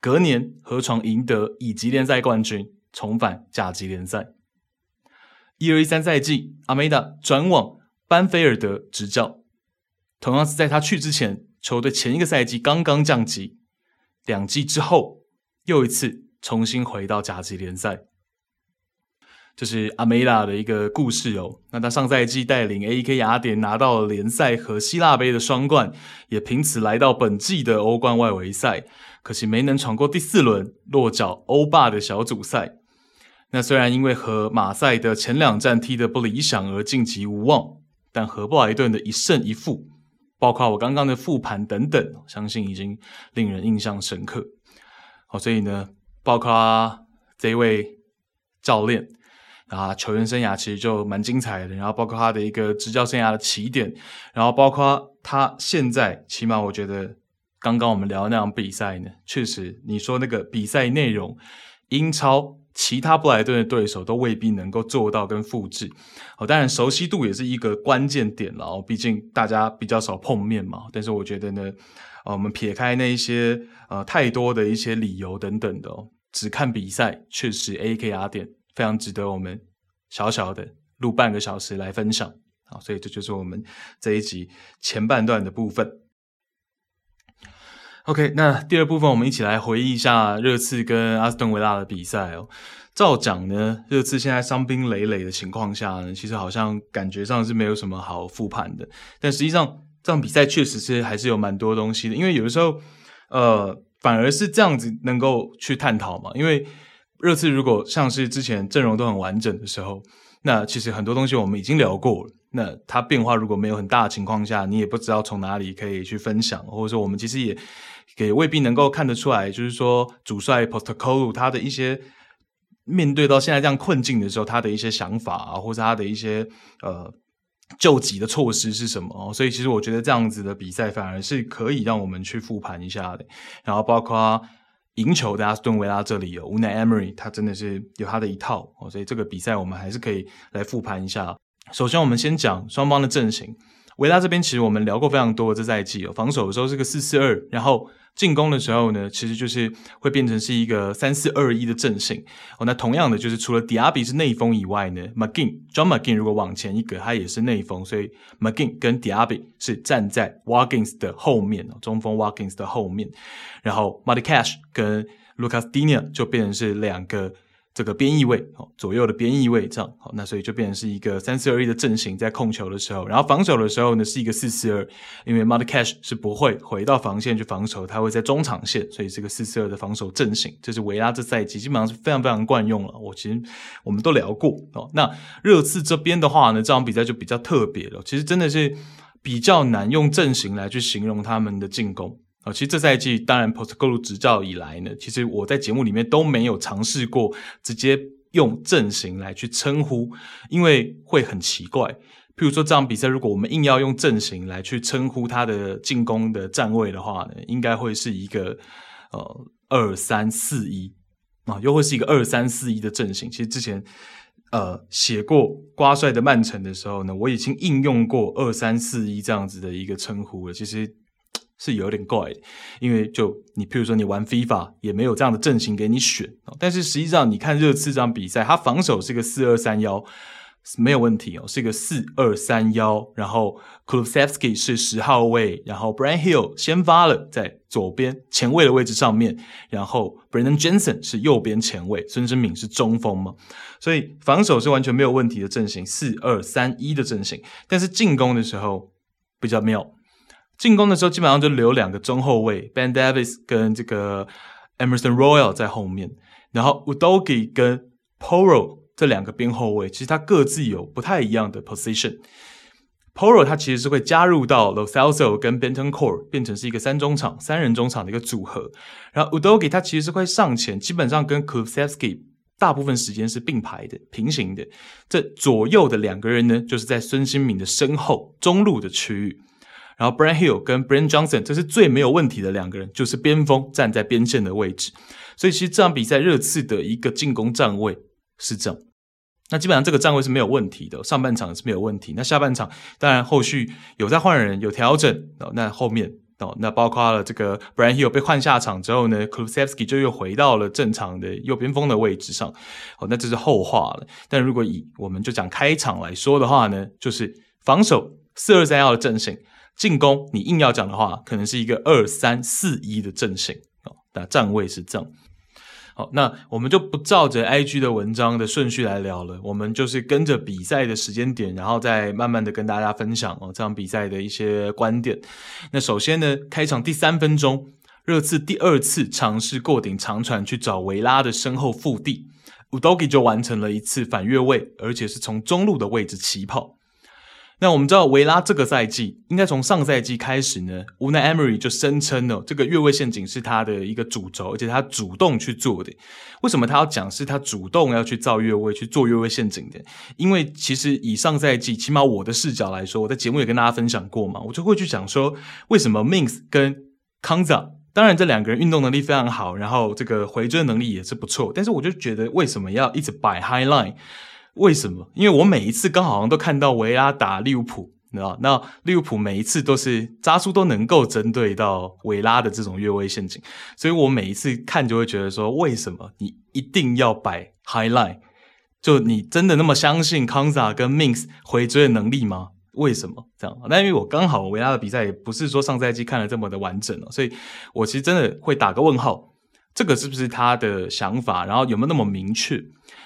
隔年，河床贏得乙級聯賽冠軍，重返甲級聯賽。一二一三賽季，阿梅達轉往班菲爾德執教。同樣是在他去之前，球隊前一個賽季剛剛降級。兩季之後。又一次重新回到甲級聯賽，這是阿梅拉的一個故事哦。那他上賽季帶領 AEK 雅典拿到了聯賽和希臘杯的雙冠，也憑此來到本季的歐冠外圍賽，可惜沒能闖過第四輪，落腳歐霸的小組賽。那雖然因為和馬賽的前兩戰踢得不理想而晉級無望，但和布萊頓的一勝一負，包括我剛剛的複盤等等，相信已經令人印象深刻。哦，所以呢，包括這一位教練，啊，球員生涯其實就蠻精彩的。然後包括他的一個執教生涯的起點，然後包括他現在，起碼我覺得剛剛我們聊的那場比賽呢，確實你說那個比賽內容，英超其他布萊頓的對手都未必能夠做到跟複制。好、哦、當然熟悉度也是一個關鍵點啦，了、哦，畢竟大家比較少碰面嘛。但是我覺得呢，啊、哦，我們撇開那一些。呃，太多的一些理由等等的哦。只看比賽，確實 AEK 雅典非常值得我們小小的錄半個小時來分享。好，所以這就是我們這一集前半段的部分。OK，那第二部分我們一起來回憶一下熱刺跟阿斯頓維拉的比賽哦。照講呢，熱刺現在傷兵累累的情況下呢，其實好像感覺上是沒有什麼好復盤的。但實際上這場比賽確實是還是有蠻多東西的，因為有的時候。呃，反而是這樣子能夠去探討嘛。因為熱刺如果像是之前陣容都很完整的時候，那其實很多東西我們已經聊過了。那它變化如果沒有很大的情況下，你也不知道從哪裡可以去分享，或者說我們其實也也未必能夠看得出來，就是說主帥 Postecoglou 他的一些面對到現在這樣困境的時候，他的一些想法啊，或者他的一些呃。救急的措施是什麼？哦，所以其實我覺得這樣子的比賽反而是可以讓我們去復盤一下的。然後包括贏球的阿斯頓維拉這裡有，無奈 Emery 他真的是有他的一套哦。所以這個比賽我們還是可以來復盤一下。首先我們先講雙方的陣型，維拉這邊其實我們聊過非常多的這賽季哦，防守的時候是個四四二，然後。進攻的時候呢，其實就是會變成是一個三四二一的陣型哦。那同樣的，就是除了迪亞比是內鋒以外呢，McGinn, John McGinn 如果往前一格，他也是內鋒，所以 McGinn 跟迪亞比是站在 Watkins 的後面哦，中鋒 Watkins 的後面，然後 Matty Cash 跟 Lucas Digne 就變成是兩個。這個邊翼位哦，左右的邊翼位這樣，好，那所以就變成是一個三四二一的陣型在控球的時候，然後防守的時候呢是一個四四二，因為 Matty Cash 是不會回到防線去防守，他會在中場線，所以這個四四二的防守陣型，這、就是維拉這賽季基本上是非常非常慣用了，我、哦、其實我們都聊過哦。那熱刺這邊的話呢，這場比賽就比較特別了，其實真的是比較難用陣型來去形容他們的進攻。啊，其實這賽季當然，Post 格魯執教以來呢，其實我在節目裡面都沒有嘗試過直接用陣型來去稱呼，因為會很奇怪。譬如說這場比賽，如果我們硬要用陣型來去稱呼他的進攻的站位的話呢，應該會是一個呃二三四一啊，又會是一個二三四一的陣型。其實之前呃寫過瓜帥的曼城的時候呢，我已經應用過二三四一這樣子的一個稱呼了。其實。是有點怪的，因為就你，比如說你玩 FIFA 也沒有這樣的陣型給你選。但是實際上，你看熱刺這場比賽，他防守是個四二三幺，沒有問題哦，是個四二三幺。然後 Kulusevski 是十號位，然後 Bryan Gil 先發了在左邊前衛的位置上面，然後 Brennan Jensen 是右邊前衛，孫興慜是中鋒嘛，所以防守是完全沒有問題的陣型，四二三一的陣型。但是進攻的時候比較妙。進攻的時候，基本上就留兩個中後衛，Ben Davis 跟這個 Emerson Royal 在後面，然後 Udogi 跟 Poro 這兩個邊後衛，其實他各自有不太一樣的 position。Poro 他其實是會加入到 Lo Celso 跟 Benton Core 變成是一個三中場、三人中場的一個組合。然後 Udogi 他其實是會上前，基本上跟 Kulusevski 大部分時間是並排的、平行的。這左右的兩個人呢，就是在孫興慜的身後中路的區域。然後 Bryan Gil 跟 Brennan Johnson，這是最沒有問題的兩個人，就是邊鋒站在邊線的位置。所以其實這場比賽熱刺的一個進攻站位是這樣。那基本上這個站位是沒有問題的，上半場是沒有問題。那下半場當然後續有在換人有調整哦。那後面哦，那包括了這個 Bryan Gil 被換下場之後呢 Kulusevski 就又回到了正常的右邊鋒的位置上。哦，那這是後話了。但如果以我們就講開場來說的話呢，就是防守四二三一的陣型。進攻，你硬要講的話，可能是一個二三四一的陣型啊，那站位是這樣。好，那我們就不照着 IG 的文章的順序來聊了，我們就是跟着比賽的時間點，然後再慢慢的跟大家分享哦這場比賽的一些觀點。那首先呢，開場第三分鐘，熱刺第二次嘗試過頂長傳去找維拉的身後腹地，Udogi 就完成了一次反越位，而且是從中路的位置起跑。那我們知道，維拉這個賽季應該從上賽季開始呢，Unai Emery 就聲稱了這個越位陷阱，是他的一個主軸，而且他主動去做的。為什麼他要講是他主動要去造越位，去做越位陷阱的？因為其實以上賽季，起碼我的視角來說，我在節目也跟大家分享過嘛，我就會去講說，為什麼 Mings 跟 Konsa，當然這兩個人運動能力非常好，然後這個回追能力也是不錯，但是我就覺得為什麼要一直擺 High Line？為什麼？因為我每一次剛好好像都看到維拉打利物浦，你知道？那利物浦每一次都是渣叔都能夠針對到維拉的這種越位陷阱，所以我每一次看就會覺得說，為什麼你一定要擺 highline？就你真的那麼相信康薩跟 Mings 回追的能力嗎？為什麼這樣？那因為我剛好維拉的比賽也不是說上賽季看得這麼的完整了，哦，所以我其實真的會打個問號，這個是不是他的想法？然後有沒有那麼明確？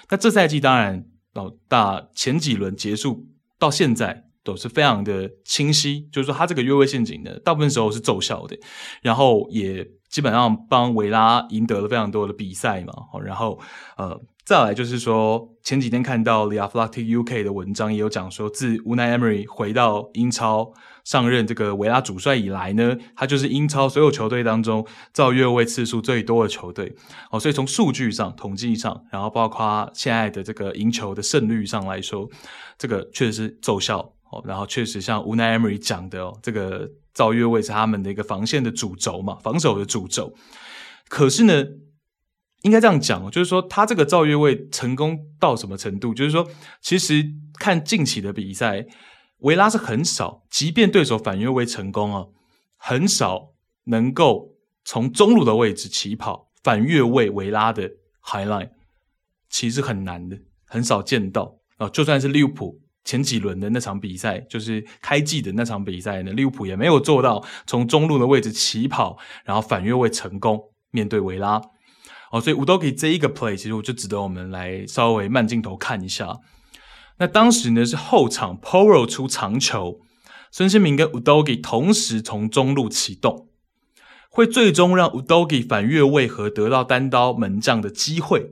那這賽季當然。到、哦、大前幾輪結束到現在都是非常的清晰，就是說他這個越位陷阱呢，大部分時候是奏效的，然後也基本上幫維拉贏得了非常多的比賽嘛。哦、然後呃，再來就是說前幾天看到 The Athletic UK 的文章也有講說，自 Unai Emery 回到英超。上任這個維拉主帥以來呢，他就是英超所有球隊當中造越位次數最多的球隊。哦，所以從數據上、統計上，然後包括現在的這個贏球的勝率上來說，這個確實是奏效。哦，然後確實像 Unai Emery 講的哦，這個造越位是他們的一個防線的主軸嘛，防守的主軸。可是呢，應該這樣講哦，就是說他這個造越位成功到什麼程度？就是說，其實看近期的比賽。維拉是很少，即便對手反越位成功啊，很少能夠從中路的位置起跑，反越位維拉的 highlight，其實很難的，很少見到啊、哦。就算是利物浦前幾輪的那場比賽，就是開季的那場比賽呢，利物浦也沒有做到從中路的位置起跑，然後反越位成功面對維拉哦。所以 Udogie 這一個 play，其實我就值得我們來稍微慢鏡頭看一下。那當時呢是後場 Porro 出長球，孫興慜跟 Udogi 同時從中路啟動，會最終讓 Udogi 反越位和得到單刀門將的機會。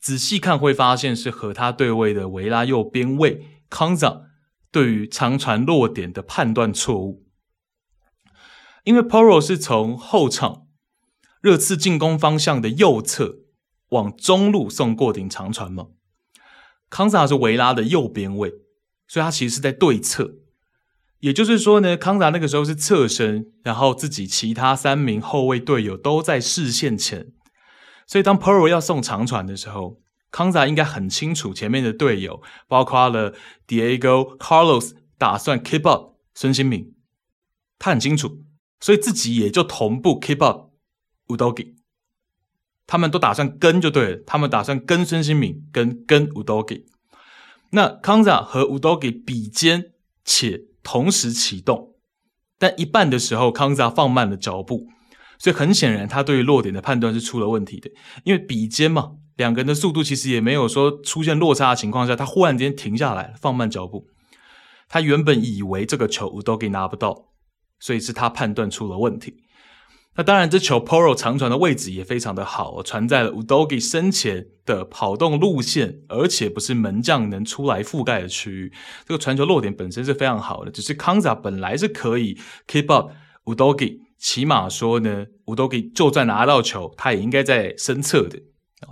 仔細看會發現是和他對位的維拉右邊衛康薩對於長傳落點的判斷錯誤，因為 Porro 是從後場熱刺進攻方向的右側往中路送過頂長傳嗎？康薩是維拉的右邊衛，所以他其實是在對側。也就是說呢，康薩那個時候是側身，然後自己其他三名後衛隊友都在視線前。所以當 Porro 要送長傳的時候，康薩應該很清楚前面的隊友，包括了 Diego Carlos 打算 keep up 孫興慜，他很清楚，所以自己也就同步 keep up、Udogi。udogi 他們都打算跟就對了，他們打算跟孫興慜，跟跟 Udogie。那康澤和 Udogie 比肩且同時啟動，但一半的時候康澤放慢了腳步，所以很顯然他對於落點的判斷是出了問題的。因為比肩嘛，兩個人的速度其實也沒有說出現落差的情況下，他忽然之間停下來放慢腳步，他原本以為這個球 Udogie 拿不到，所以是他判斷出了問題。那當然，這球 Porro 長傳的位置也非常的好哦，傳在了 Udogi 身前的跑動路線，而且不是門將能出來覆蓋的區域。這個傳球落點本身是非常好的，只是 Konsa 本來是可以 keep up Udogi，起碼說呢，Udogi 就算拿到球，他也應該在身側的。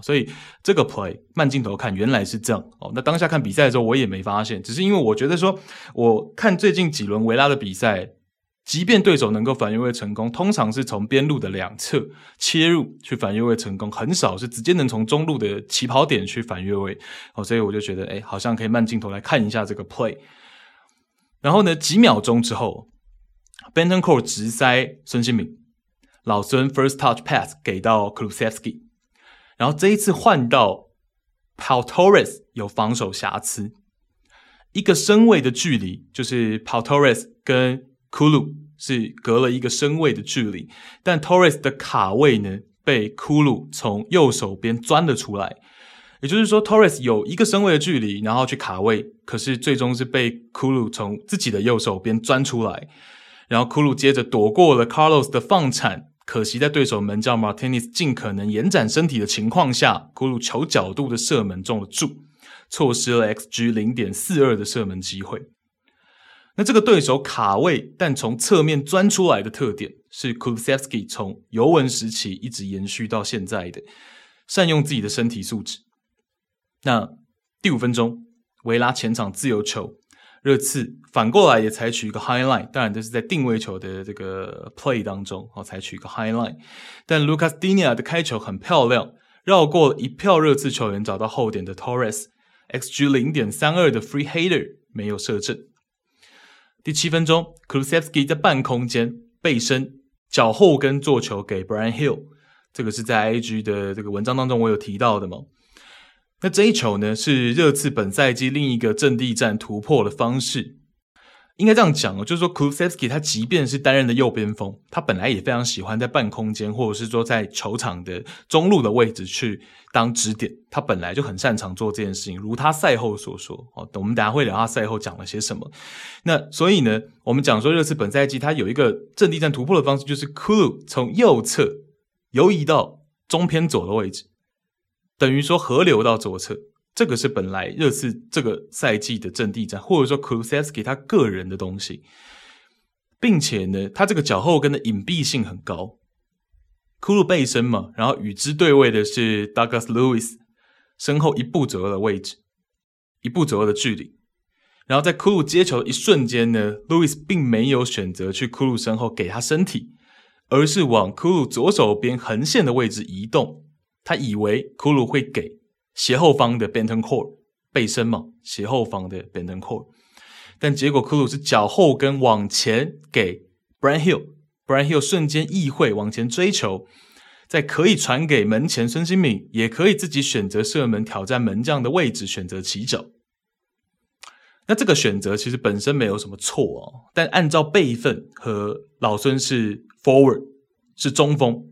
所以這個 play 慢鏡頭看原來是這樣哦。那當下看比賽的時候，我也沒發現，只是因為我覺得說，我看最近幾輪維拉的比賽。即便對手能夠反越位成功，通常是從邊路的兩側切入去反越位成功，很少是直接能從中路的起跑點去反越位。哦，所以我就覺得，哎，好像可以慢鏡頭來看一下這個 play。然後呢，幾秒鐘之後，Bentancur 直塞孫興慜，老孫 first touch pass 給到 Kulusevski，然後這一次換到 Pau Torres 有防守瑕疵，一個身位的距離就是 Pau Torres 跟。庫魯是隔了一個身位的距離，但 Torres 的卡位呢，被庫魯從右手邊鑽了出來。也就是說，Torres 有一個身位的距離，然後去卡位，可是最終是被庫魯從自己的右手邊鑽出來。然後庫魯接着躲過了 Carlos 的放鏟，可惜在對手門將 Martinez 盡可能延展身體的情況下，庫魯求角度的射門中了柱，錯失了 XG 零點四二的射門機會。那這個對手卡位，但從側面鑽出來的特點，是 Kulusevski 從尤文時期一直延續到現在的善用自己的身體素質。那第五分鐘，維拉前場自由球，熱刺反過來也採取一個 high line，當然這是在定位球的這個 play 當中哦，採取一個 high line。但 Lucas Digne 的開球很漂亮，繞過了一票熱刺球員，找到後點的 Torres，xg 零點三二的 free header 沒有射正。第七分鐘，Kulusevski 在半空間背身，腳後跟做球給 Bryan Gil，這個是在 IG 的這個文章當中我有提到的嘛？那這一球呢，是熱刺本賽季另一個陣地戰突破的方式。應該這樣講哦，就是說 Kulusevski 他即便是擔任的右邊鋒，他本來也非常喜歡在半空間，或者是說在球場的中路的位置去當支點，他本來就很擅長做這件事情。如他賽後所說，哦，我們等下會聊他賽後講了些什麼。那所以呢，我們講說熱刺本賽季他有一個陣地戰突破的方式，就是 Kulu 從右側游移到中偏左的位置，等於說合流到左側。這個是本來熱刺這個賽季的陣地戰，或者說 Kulusevski 他個人的東西，並且呢，他這個腳後跟的隱蔽性很高。庫魯背身嘛，然後與之對位的是 Douglas Luiz，身後一步左右的位置，一步左右的距離。然後在庫魯接球的一瞬間呢，Luiz 並沒有選擇去庫魯身後給他身體，而是往庫魯左手邊橫線的位置移動，他以為庫魯會給。斜後方的 Bentancur 背身嘛，斜後方的 Bentancur，但結果 Kulu 是腳後跟往前給 Bryan Gil，Bryan Gil 瞬間意會往前追球，在可以傳給門前孫興慜，也可以自己選擇射門挑戰門將的位置選擇起腳。那這個選擇其實本身沒有什麼錯哦、啊，但按照輩分和老孫是 Forward 是中鋒，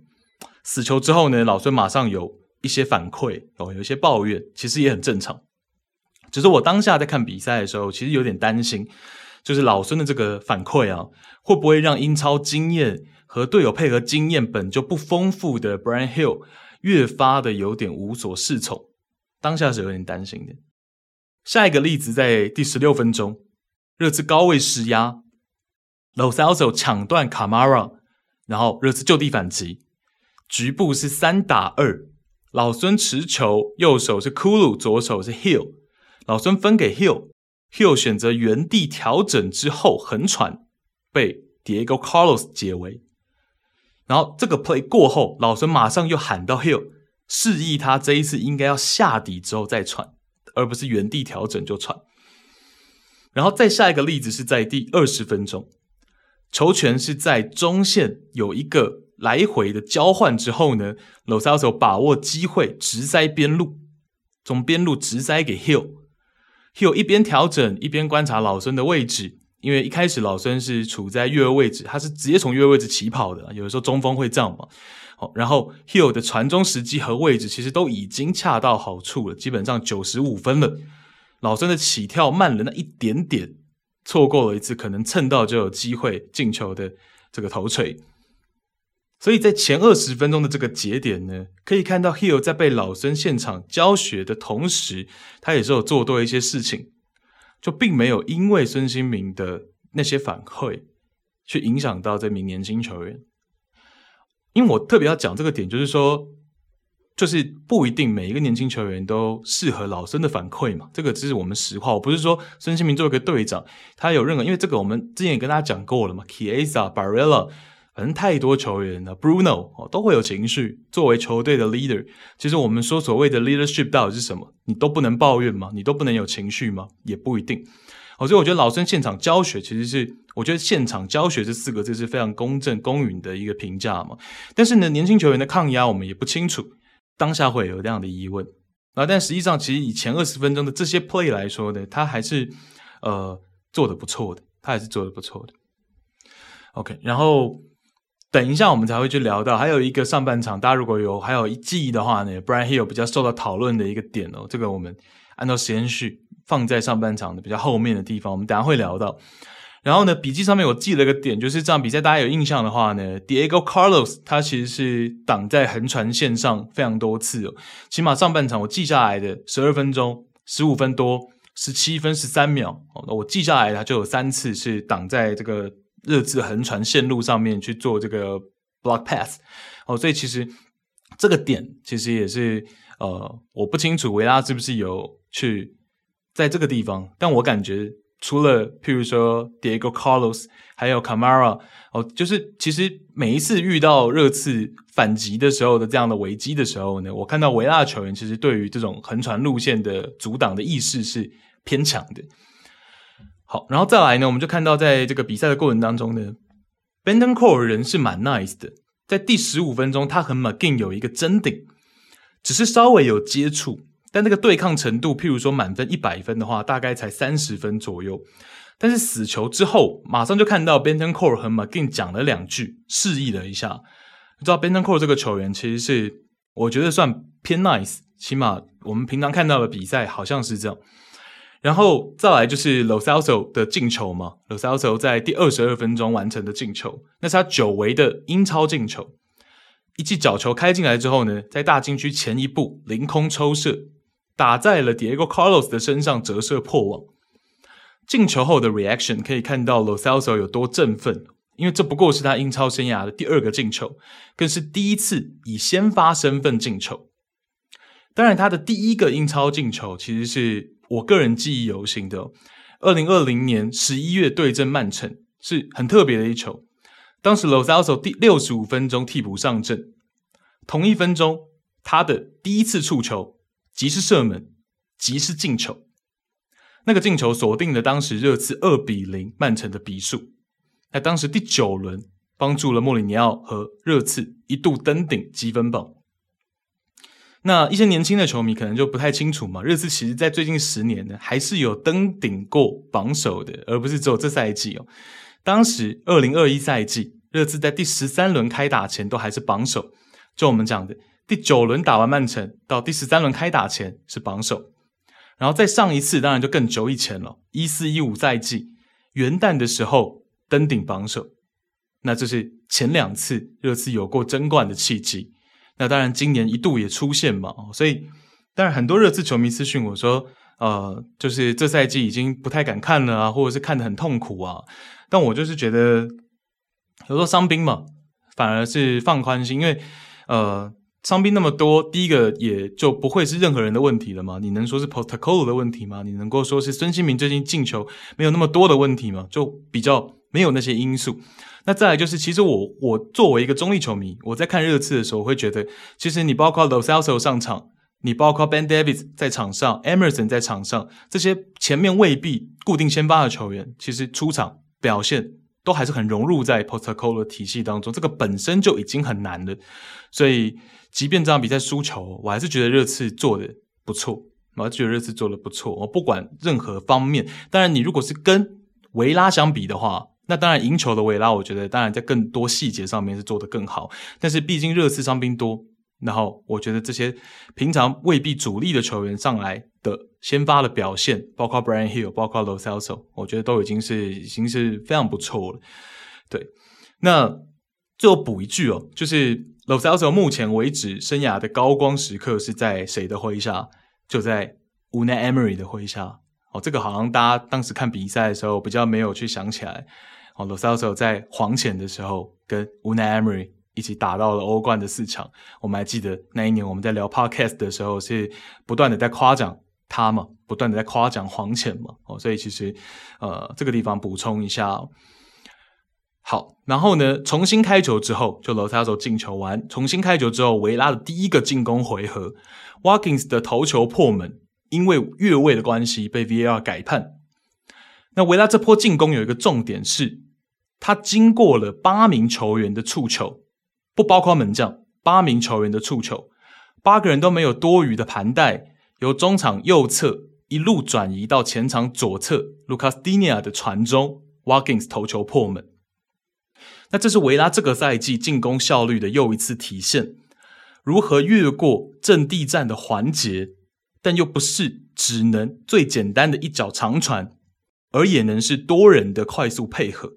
死球之後呢，老孫馬上游一些反饋哦，有一些抱怨，其實也很正常。只是我當下在看比賽的時候，其實有點擔心，就是老孫的這個反饋啊，會不會讓英超經驗和隊友配合經驗本就不豐富的 Bryan Gil 越發的有點無所適從？當下是有點擔心的。下一個例子在第十六分鐘，熱刺高位施壓，Lo Celso 搶斷 Kamara，然後熱刺就地反擊，局部是三打二。老孫持球，右手是 Kulu，左手是 Hill。老孫分給 Hill，Hill Hill 選擇原地調整之後橫傳，被 Diego Carlos 解圍。然後這個 play 過後，老孫馬上又喊到 Hill，示意他這一次應該要下底之後再傳，而不是原地調整就傳。然後再下一個例子是在第二十分鐘，球權是在中線有一個。來回的交換之後呢，Lo Celso 把握機會直塞邊路，從邊路直塞給 Hill。Hill 一邊調整一邊觀察老孫的位置，因為一開始老孫是處在越位位置，他是直接從越位置起跑的。有的時候中鋒會這樣嘛。好，然後 Hill 的傳中時機和位置其實都已經恰到好處了，基本上九十五分了。老孫的起跳慢了那一點點，錯過了一次可能蹭到就有機會進球的這個頭錘。所以在前二十分鐘的這個節點呢，可以看到 Hill 在被老孫現場教學的同時，他也是有做對一些事情，就並沒有因為孫興慜的那些反饋去影響到這名年輕球員。因為我特別要講這個點，就是說，就是不一定每一個年輕球員都適合老孫的反饋嘛。這個只是我們實話，我不是說孫興慜作為一個隊長，他有任何，因為這個我們之前也跟大家講過了嘛，Kieza Barilla。反正太多球員了，Bruno、哦、都會有情緒。作為球隊的 leader，其實我們說所謂的 leadership 到底是什麼？你都不能抱怨嗎？你都不能有情緒嗎？也不一定。好、哦，所以我覺得老孫現場教學其實是，我覺得現場教學這四個字是非常公正、公允的一個評價嘛。但是呢，年輕球員的抗壓我們也不清楚，當下會有這樣的疑問那、啊、但實際上，其實以前二十分鐘的這些 play 來說呢，他還是呃做得不錯的，他還是做得不錯的。OK，然後。等一下，我們才會去聊到。還有一個上半場，大家如果有還有一記憶的話呢，Brian Hill 比較受到討論的一個點哦。這個我們按照時間序放在上半場的比較後面的地方，我們等下會聊到。然後呢，筆記上面我記了一個點，就是這樣比賽，大家有印象的話呢，Diego Carlos 他其實是擋在橫傳線上非常多次哦。起碼上半場我記下來的十二分鐘、十五分多、十七分十三秒，那我記下來他就有三次是擋在這個。熱刺橫傳線路上面去做這個 block path 哦，所以其實這個點其實也是呃，我不清楚維拉是不是有去在這個地方，但我感覺除了譬如說 Diego Carlos，還有 Camara，哦，就是其實每一次遇到熱刺反擊的時候的這樣的危機的時候呢，我看到維拉球員其實對於這種橫傳路線的阻擋的意識是偏強的。好，然後再來呢，我們就看到在這個比賽的過程當中呢，Bentancur 人是蠻 nice 的。在第十五分鐘，他和 McGinn 有一個爭頂，只是稍微有接觸，但那個對抗程度，譬如說滿分一百分的話，大概才三十分左右。但是死球之後，馬上就看到 Bentancur 和 McGinn 講了兩句，示意了一下。你知道 Bentancur 這個球員其實是我覺得算偏 nice，起碼我們平常看到的比賽好像是這樣。然後再來就是洛薩爾索的進球嘛，洛薩爾索在第二十二分鐘完成的進球，那是他久違的英超進球。一記角球開進來之後呢，在大禁區前一步凌空抽射，打在了 Diego Carlos 的身上折射破網。進球後的 reaction 可以看到洛薩爾索有多振奮，因為這不過是他英超生涯的第二個進球，更是第一次以先發身份進球。當然，他的第一個英超進球其實是。我個人記憶猶新、哦，的二零二零年十一月對陣曼城是很特別的一球。當時洛塞爾索第六十五分鐘替補上陣，同一分鐘他的第一次觸球即是射門，即是進球。那個進球鎖定了當時熱刺二比零曼城的比數。那當時第九輪幫助了莫里尼奧和熱刺一度登頂積分榜。那一些年輕的球迷可能就不太清楚嘛，熱刺其實在最近十年呢，還是有登頂過榜首的，而不是只有這賽季哦。當時二零二一賽季，熱刺在第十三輪開打前都還是榜首，就我們講的第九輪打完曼城到第十三輪開打前是榜首，然後再上一次當然就更久以前了，一四一五賽季元旦的時候登頂榜首，那就是前兩次熱刺有過爭冠的契機。那當然，今年一度也出現嘛，所以當然很多熱刺球迷私訊我說：“呃，就是這賽季已經不太敢看了啊，或者是看得很痛苦啊。”但我就是覺得，有時候傷兵嘛，反而是放寬心，因為呃，傷兵那麼多，第一個也就不會是任何人的問題了嘛。你能說是 Postecoglou 的問題嗎？你能夠說是孫興民最近進球沒有那麼多的問題嗎？就比較沒有那些因素。那再來就是，其實我我作為一個中立球迷，我在看熱刺的時候，我會覺得，其實你包括 Lo Celso 上場，你包括 Ben Davies 在場上，Emerson 在場上，這些前面未必固定先發的球員，其實出場表現都還是很融入在 Postecoglou 體系當中，這個本身就已經很難了。所以，即便這場比賽輸球，我還是覺得熱刺做的不錯。我還是覺得熱刺做的不錯，我不管任何方面。當然，你如果是跟。維拉相比的話，那當然贏球的維拉，我覺得當然在更多細節上面是做得更好。但是畢竟熱刺傷兵多，然後我覺得這些平常未必主力的球員上來的先發的表現，包括 Bryan Gil，包括 Lo Celso 我覺得都已經是已經是非常不錯了。對，那最後補一句哦，就是 Lo Celso 目前為止生涯的高光時刻是在誰的麾下？就在 Unai Emery 的麾下。哦，這個好像大家當時看比賽的時候比較沒有去想起來。哦，羅薩索在黃潛的時候跟烏奈·埃梅里一起打到了歐冠的四強。我們還記得那一年我們在聊 podcast 的時候是不斷的在誇獎他嘛，不斷的在誇獎黃潛嘛。哦，所以其實呃這個地方補充一下哦。好，然後呢，重新開球之後，就羅薩索進球完，重新開球之後，維拉的第一個進攻回合，沃金斯的頭球破門。因為越位的關係，被 VAR 改判。那維拉這波進攻有一個重點是，他經過了八名球員的觸球，不包括門將，八名球員的觸球，八個人都沒有多餘的盤帶，由中場右側一路轉移到前場左側，盧卡斯蒂尼亞的傳中，沃金斯頭球破門。那這是維拉這個賽季進攻效率的又一次體現。如何越過陣地戰的環節？但又不是只能最簡單的一腳長傳，而也能是多人的快速配合。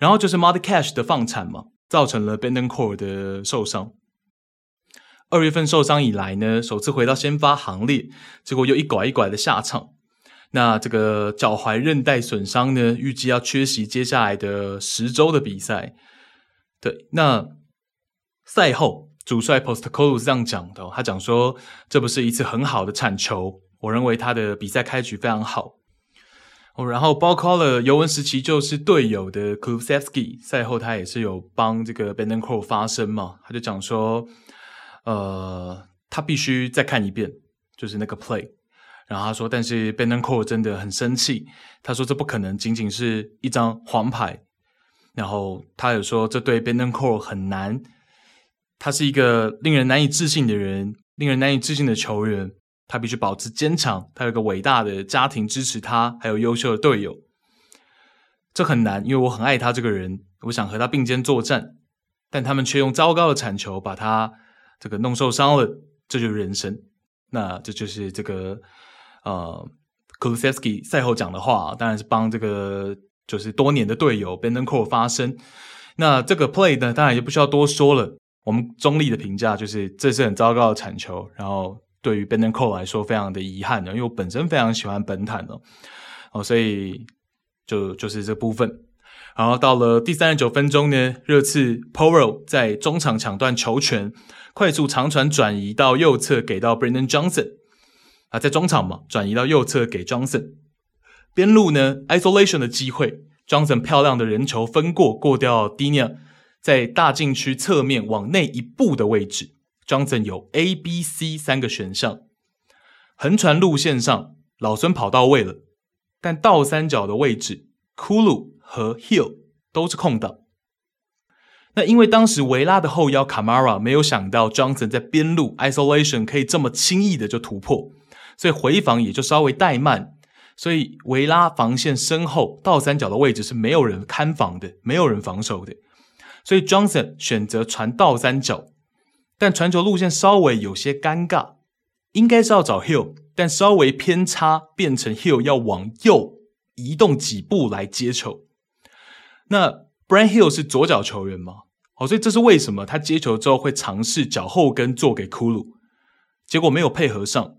然後就是 Matty Cash 的放鏟嘛，造成了 Bentancur 的受傷。二月份受傷以來呢，首次回到先發行列，結果又一拐一拐的下場。那這個腳踝韌帶損傷呢，預計要缺席接下來的十週的比賽。對，那賽後。主帥 Postecoglou 是這樣講的。哦，他講說，這不是一次很好的鏟球。我認為他的比賽開局非常好。哦，然後包括了尤文時期，就是隊友的 Kulusevski 賽後他也是有幫這個 Bentancur 發聲嘛，他就講說，呃，他必須再看一遍，就是那個 play。然後他說，但是 Bentancur 真的很生氣，他說這不可能僅僅是一張黃牌。然後他也說這對 Bentancur 很難。他是一個令人難以置信的人，令人難以置信的球員。他必須保持堅強，他有一個偉大的家庭支持他，還有優秀的隊友。這很難，因為我很愛他這個人，我想和他並肩作戰，但他們卻用糟糕的鏟球把他這個弄受傷了。這就是人生。那這就是這個呃 Kulusevski 賽後講的話，當然是幫這個就是多年的隊友 Bentancur 發聲。那這個 play 呢，當然也不需要多說了。我們中立的評價就是，這是很糟糕的鏟球，然後對於 Bentancur 來說非常的遺憾的，因為我本身非常喜歡本坦的、哦，哦，所以就就是這部分。然後到了第三十九分鐘呢，熱刺 Porro 在中場搶斷球權，快速長傳轉移到右側給到 Brennan Johnson 啊，在中場嘛，轉移到右側給 Johnson 邊路呢 Isolation 的機會，Johnson 漂亮的人球分過過掉 Digne 在大禁區側面往內一步的位置，Johnson 有 A、B、C 三個選項。橫傳路線上，老孫跑到位了，但倒三角的位置，Kulu 和 Hill 都是空檔。那因為當時維拉的後腰 Kamara 沒有想到 Johnson 在邊路 Isolation 可以這麼輕易的就突破，所以回防也就稍微怠慢，所以維拉防線身後倒三角的位置是沒有人看防的，沒有人防守的。所以 Johnson 選擇傳倒三角，但傳球路線稍微有些尷尬，應該是要找 Hill，但稍微偏差，變成 Hill 要往右移動幾步來接球。那 Brand Hill 是左腳球員嗎？好、哦，所以這是為什麼他接球之後會嘗試腳後跟做給 Kulu，結果沒有配合上，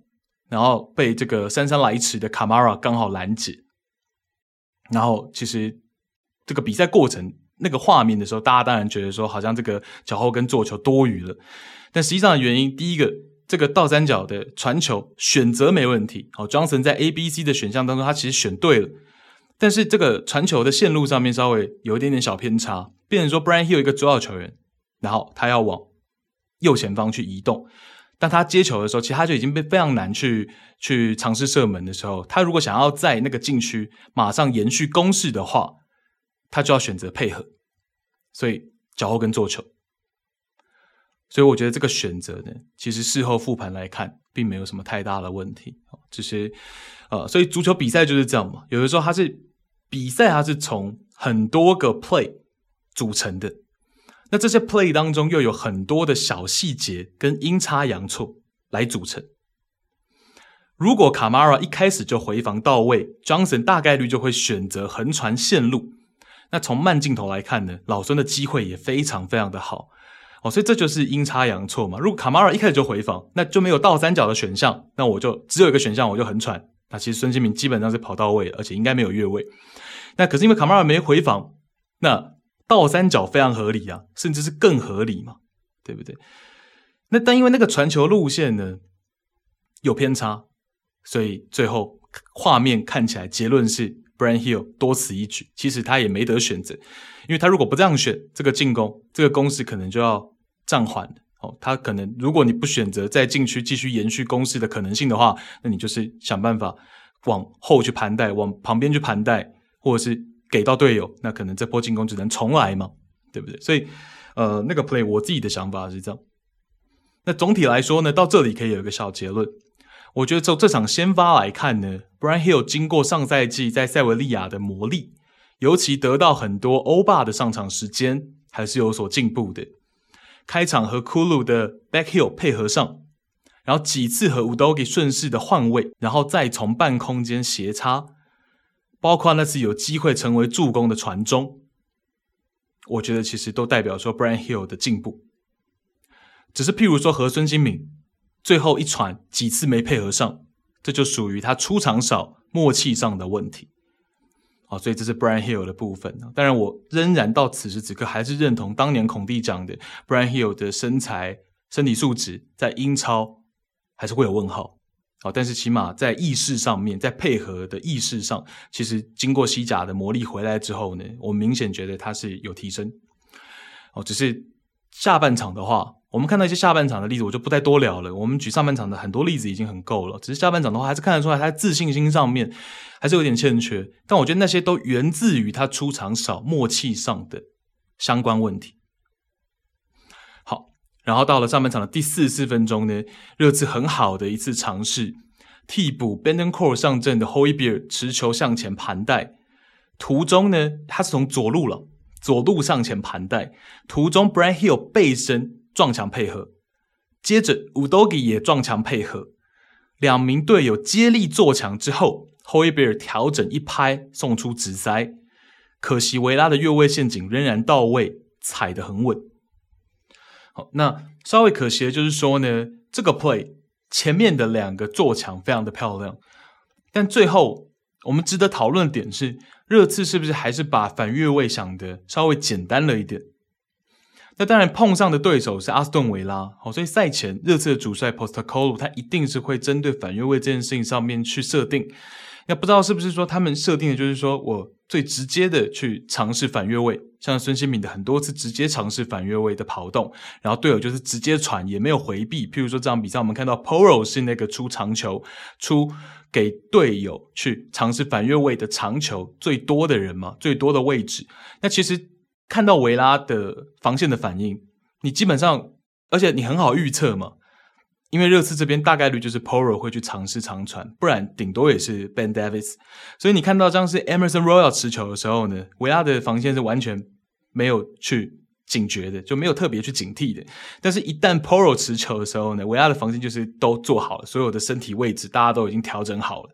然後被這個姍姍來遲的 Kamara 剛好攔截。然後其實這個比賽過程。那個畫面的時候，大家當然覺得說好像這個腳後跟做球多餘了，但實際上的原因，第一個，這個倒三角的傳球選擇沒問題，好、哦，莊臣在 A、B、C 的選項當中，他其實選對了，但是這個傳球的線路上面稍微有一點點小偏差，變成說，Brian He 有一個主要球員，然後他要往右前方去移動，當他接球的時候，其實他就已經被非常難去去嘗試射門的時候，他如果想要在那個禁區馬上延續攻勢的話。他就要選擇配合，所以腳後跟做球，所以我覺得這個選擇呢，其實事後復盤來看，並沒有什麼太大的問題。這些是，呃，所以足球比賽就是這樣嘛，有的時候它是比賽，它是從很多個 play 組成的，那這些 play 當中又有很多的小細節跟陰差陽錯來組成。如果卡馬拉一開始就回防到位，Johnson 大概率就會選擇橫傳線路。那從慢鏡頭來看呢，老孫的機會也非常非常的好哦，所以這就是陰差陽錯嘛。如果卡馬爾一開始就回防，那就沒有倒三角的選項，那我就只有一個選項，我就橫傳。那其實孫興慜基本上是跑到位了，而且應該沒有越位。那可是因為卡馬爾沒回防，那倒三角非常合理啊，甚至是更合理嘛，對不對？那但因為那個傳球路線呢有偏差，所以最後畫面看起來結論是，Brand Hill 多此一舉，其實他也沒得選擇，因為他如果不這樣選，這個進攻，這個攻勢可能就要暫緩。哦，他可能如果你不選擇在禁區繼續延續攻勢的可能性的話，那你就是想辦法往後去盤帶，往旁邊去盤帶，或者是給到隊友，那可能這波進攻只能重來嘛，對不對？所以，呃，那個 play 我自己的想法是這樣。那總體來說呢，到這裡可以有一個小結論。我覺得從這場先發來看呢，Brand Hill 經過上賽季在塞維利亞的磨礪，尤其得到很多歐霸的上場時間，還是有所進步的。開場和庫魯的 Back Hill 配合上，然後幾次和 Udogi 順勢的換位，然後再從半空間斜插，包括那次有機會成為助攻的傳中，我覺得其實都代表說 Brand Hill 的進步。只是譬如說和孫興慜，最後一傳幾次沒配合上，這就屬於他出場少默契上的問題，啊、哦，所以這是 Bryan Gil 的部分。當然，我仍然到此時此刻還是認同當年孔蒂講的 Bryan Gil 的身材、身體素質在英超還是會有問號，啊、哦，但是起碼在意識上面，在配合的意識上，其實經過西甲的磨礪回來之後呢，我明顯覺得他是有提升，哦，只是下半場的話。我們看到一些下半場的例子，我就不再多聊了。我們舉上半場的很多例子已經很夠了。只是下半場的話，還是看得出來他自信心上面還是有點欠缺。但我覺得那些都源自於他出場少、默契上的相關問題。好，然後到了上半場的第44分鐘呢，熱刺很好的一次嘗試，替補 Bentancur 上陣的 Højbjerg 持球向前盤帶，途中呢他是從左路了，左路上前盤帶，途中 Bryan Gil 背身。撞牆配合，接着 Udogie 也撞牆配合，兩名隊友接力做牆之後 Højbjerg 調整一拍送出直塞，可惜維拉的越位陷阱仍然到位，踩得很穩。好，那稍微可惜的就是說呢，這個 play 前面的兩個做牆非常的漂亮，但最後我們值得討論的點是，熱刺是不是還是把反越位想得稍微簡單了一點？那當然，碰上的對手是阿斯頓維拉，哦，所以賽前熱刺的主帥 Postecoglou 他一定是會針對反越位這件事情上面去設定。那不知道是不是說他們設定的就是說我最直接的去嘗試反越位，像孫興慜的很多次直接嘗試反越位的跑動，然後隊友就是直接傳，也沒有迴避。譬如說這場比賽，我們看到 Porro 是那個出長球、出給隊友去嘗試反越位的長球最多的人嘛，最多的位置。那其實。看到維拉的防線的反應，你基本上，而且你很好預測嘛，因為熱刺這邊大概率就是 Porro 會去嘗試長傳，不然頂多也是 Ben Davis。所以你看到像是 Emerson Royal 持球的時候呢，維拉的防線是完全沒有去警覺的，就沒有特別去警惕的。但是，一旦 Porro 持球的時候呢，維拉的防線就是都做好了，所有的身體位置大家都已經調整好了，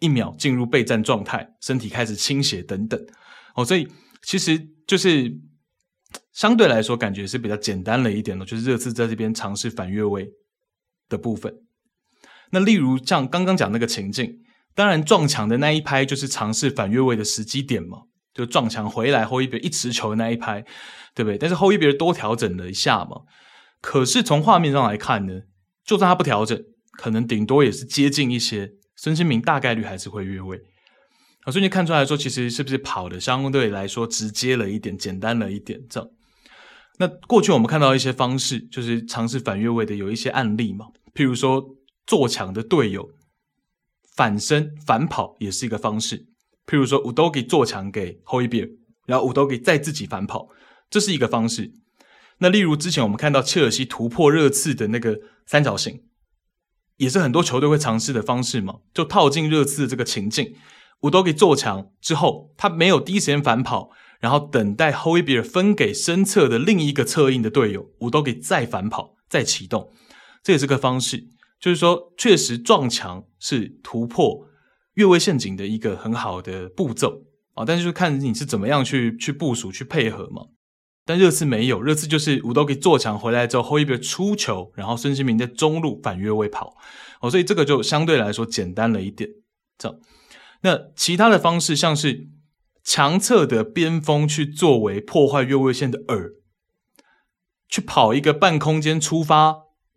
一秒進入備戰狀態，身體開始傾斜等等。哦，所以其實。就是相對來說感覺是比較簡單了一點的，就是熱刺在這邊嘗試反越位的部分。那例如像剛剛講那個情境，當然撞牆的那一拍就是嘗試反越位的時機點嘛，就撞牆回來霍伊別爾持球的那一拍，對不對？但是霍伊別爾多調整了一下嘛。可是從畫面上來看呢，就算他不調整，可能頂多也是接近一些。孫興慜大概率還是會越位。啊、所以你看出來，來說，其實是不是跑的相對來說直接了一點，簡單了一點這樣。那過去我們看到一些方式，就是嘗試反越位的，有一些案例嘛。譬如說做牆的隊友反身反跑也是一個方式。譬如說烏多基，做牆給後一遍，然後烏多基再自己反跑，這是一個方式。那例如之前我們看到切爾西突破熱刺的那個三角形，也是很多球隊會嘗試的方式嘛，就套進熱刺的這個情境。Udogie 做牆之後，他沒有第一時間反跑，然後等待 Højbjerg 分給身側的另一個側應的隊友，Udogie 再反跑再啟動，這也是個方式。就是說，確實撞牆是突破越位陷阱的一個很好的步驟啊、哦，但是就看你是怎麼樣去去部署去配合嘛。但熱刺沒有，熱刺就是 Udogie 做牆回來之後 Højbjerg 出球，然後孫興慜在中路反越位跑哦，所以這個就相對來說簡單了一點，這樣。那其他的方式，像是強側的邊鋒去作為破壞越位線的餌，去跑一個半空間出發。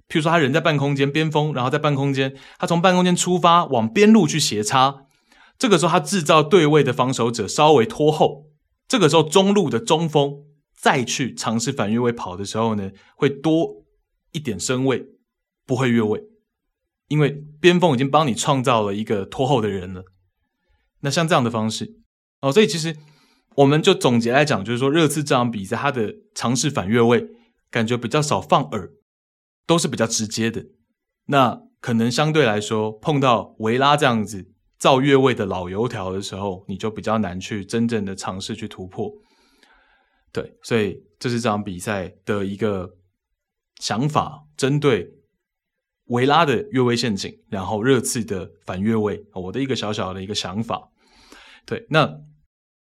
譬如說，他人在半空間，邊鋒，然後在半空間，他從半空間出發往邊路去斜插。這個時候，他製造對位的防守者稍微拖後。這個時候，中路的中鋒再去嘗試反越位跑的時候呢，會多一點身位，不會越位，因為邊鋒已經幫你創造了一個拖後的人了。那像這樣的方式哦，所以其實我們就總結來講，就是說熱刺這場比賽他的嘗試反越位，感覺比較少放餌，都是比較直接的。那可能相對來說，碰到維拉這樣子造越位的老油條的時候，你就比較難去真正的嘗試去突破。對，所以這是這場比賽的一個想法，針對。維拉的越位陷阱，然後熱刺的反越位，我的一個小小的一個想法。對，那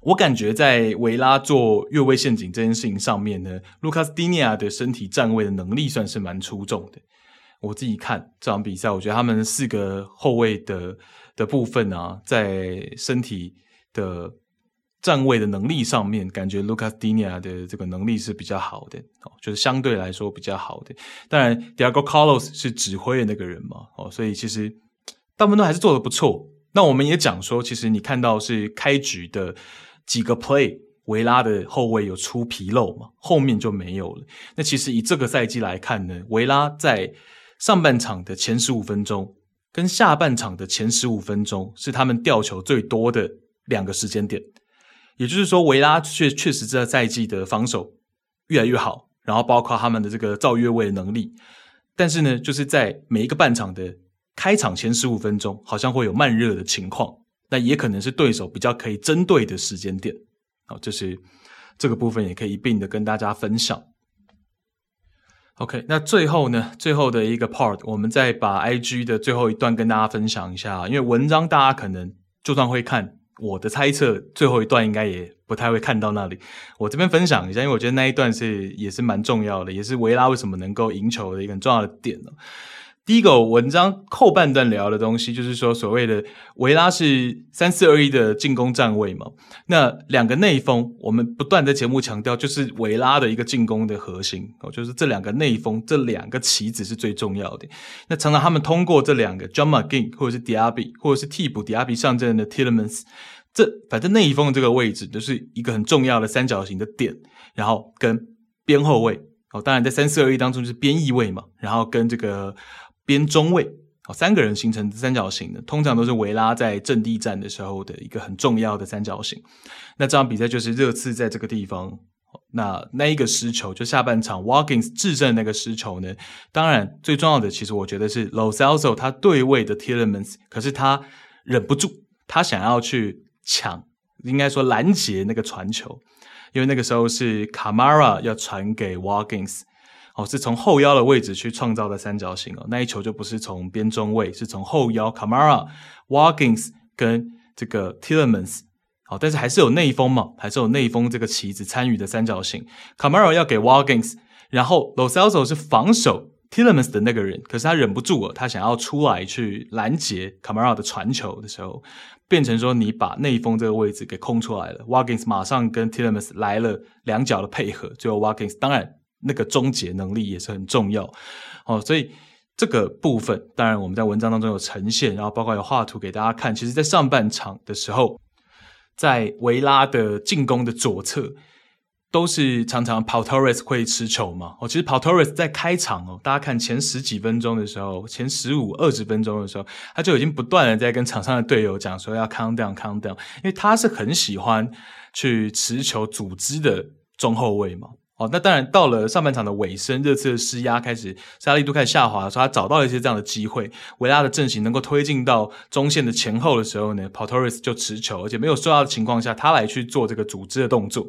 我感覺在維拉做越位陷阱這件事情上面呢，盧卡斯蒂尼亞的身體站位的能力算是蠻出眾的。我自己看這場比賽，我覺得他們四個後衛的的部分啊，在身體的。站位的能力上面，感覺 Lucas Digne 的這個能力是比較好的哦，就是相對來說比較好的。當然，Diego Carlos 是指揮的那個人嘛哦，所以其實大部分都還是做得不錯。那我們也講說，其實你看到是開局的幾個 play，維拉的後衛有出紕漏嘛，後面就沒有了。那其實以這個賽季來看呢，維拉在上半場的前十五分鐘跟下半場的前十五分鐘是他們吊球最多的兩個時間點。也就是說，維拉確確實這個賽季的防守越來越好，然後包括他們的這個造越位的能力，但是呢，就是在每一個半場的開場前十五分鐘，好像會有慢熱的情況，那也可能是對手比較可以針對的時間點。好，這、就是這個部分也可以一併的跟大家分享。OK，那最後呢，最後的一個 part，我們再把 IG 的最後一段跟大家分享一下，因為文章大家可能就算會看，我的猜測，最後一段應該也不太會看到那裡。我這邊分享一下，因為我覺得那一段是也是蠻重要的，也是維拉為什麼能夠贏球的一個很重要的點呢。第一個文章後半段聊的東西，就是說所謂的維拉是三四二一的進攻站位嘛。那兩個內鋒我們不斷在節目強調，就是維拉的一個進攻的核心，就是這兩個內鋒。這兩個棋子是最重要的。那常常他們通過這兩個 John McGinn 或者是 Diaby 或者是替補 Diaby 上陣的 Tielemans。這反正內鋒的這個位置就是一個很重要的三角形的點，然後跟邊後衛哦，當然在三四二一當中就是邊翼位嘛，然後跟這個邊中衛哦，三個人形成三角形的，通常都是維拉在陣地戰的時候的一個很重要的三角形。那這場比賽就是熱刺在這個地方，那那一個失球就下半場沃金斯制勝那個失球呢？當然最重要的，其實我覺得是羅塞爾索他對位的 Tielemans，可是他忍不住，他想要去。搶，應該說攔截那個傳球，因為那個時候是 Kamara 要傳給 Watkins，哦，是從後腰的位置去創造的三角形哦，那一球就不是從邊中位，是從後腰 Kamara、Watkins 跟這個 Tielemans 好、哦，但是還是有內鋒嘛，還是有內鋒這個棋子參與的三角形，Kamara、哦、要給 Watkins，然後 Lo Celso 是防守 Tielemans 的那個人，可是他忍不住了，他想要出來去攔截 Kamara 的傳球的時候，變成說你把內鋒這個位置給空出來了。Watkins 馬上跟 Tielemans 來了兩腳的配合，最後 Watkins 當然那個終結能力也是很重要。哦，所以這個部分當然我們在文章當中有呈現，然後包括有畫圖給大家看。其實，在上半場的時候，在維拉的進攻的左側。都是常常 Paul Torres 會持球嘛。哦，其實 Paul Torres 在開場哦，大家看前十幾分鐘的時候，前十五二十分鐘的時候，他就已經不斷的在跟場上的隊友講說要 calm down, calm down，因為他是很喜歡去持球組織的中後衛嘛。哦，那當然到了上半場的尾聲，熱刺的施壓開始，施壓力度開始下滑了，所以他找到了一些這樣的機會。維拉的陣型能夠推進到中線的前後的時候呢，Paul Torres 就持球，而且沒有受到的情況下，他來去做這個組織的動作。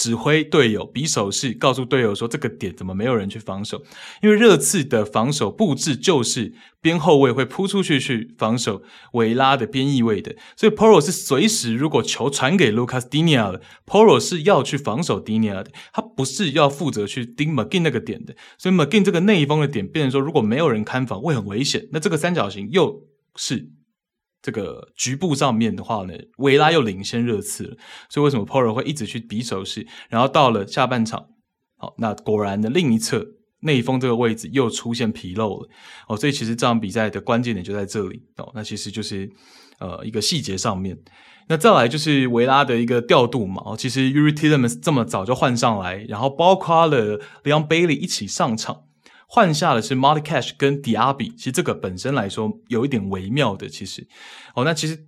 指揮隊友，比手勢，告訴隊友說：“這個點怎麼沒有人去防守？因為熱刺的防守布置就是邊後衛會撲出去去防守維拉的邊翼位的，所以 Porro 是隨時如果球傳給 Lucas Digne 的，Porro 是要去防守 Digne 的，他不是要負責去盯 McGinn 那個點的。所以 McGinn 這個內鋒的點，變成說如果沒有人看防會很危險。那這個三角形又是。”這個局部上面的話呢，維拉又領先熱刺了，所以為什麼 Polar 會一直去比手勢？然後到了下半場，好、哦，那果然的另一側內鋒這個位置又出現紕漏了。哦，所以其實這場比賽的關鍵點就在這裡哦。那其實就是呃一個細節上面，那再來就是維拉的一個調度嘛。哦，其實 Youri Tielemans 這麼早就換上來，然後包括了 Leon Bailey 一起上場。換下的是 Matty Cash 跟迪亞比，其實這個本身來說有一點微妙的。其實，哦，那其實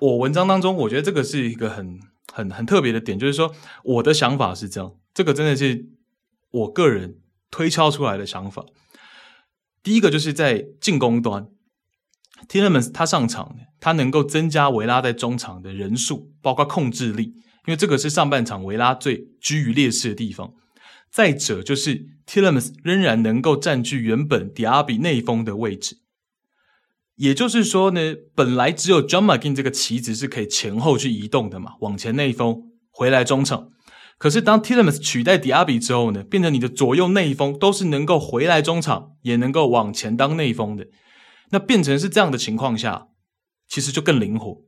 我文章當中，我覺得這個是一個很、很、很特別的點，就是說我的想法是這樣，這個真的是我個人推敲出來的想法。第一個就是在進攻端，Tielemans 他上場，他能夠增加維拉在中場的人數，包括控制力，因為這個是上半場維拉最居於劣勢的地方。再者就是。Tielemans 仍然能夠佔據原本迪亞比內鋒的位置，也就是說呢，本來只有 John McGinn 這個棋子是可以前後去移動的嘛，往前內鋒回來中場，可是當 Tielemans 取代迪亞比之後呢，變成你的左右內鋒都是能夠回來中場，也能夠往前當內鋒的，那變成是這樣的情況下，其實就更靈活。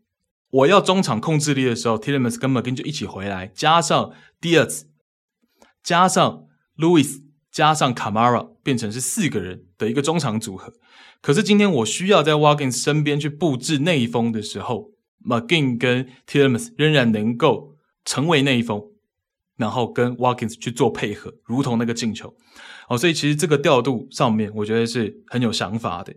我要中場控制力的時候，Tielemans 跟 McGinn 就一起回來，加上 d i a r s 加上 Louis。加上 Kamara 變成是四個人的一個中場組合，可是今天我需要在 Watkins 身邊去布置內鋒的時候，McGinn 跟 Tielemans 仍然能夠成為內鋒，然後跟 Watkins 去做配合，如同那個進球。哦，所以其實這個調度上面，我覺得是很有想法的。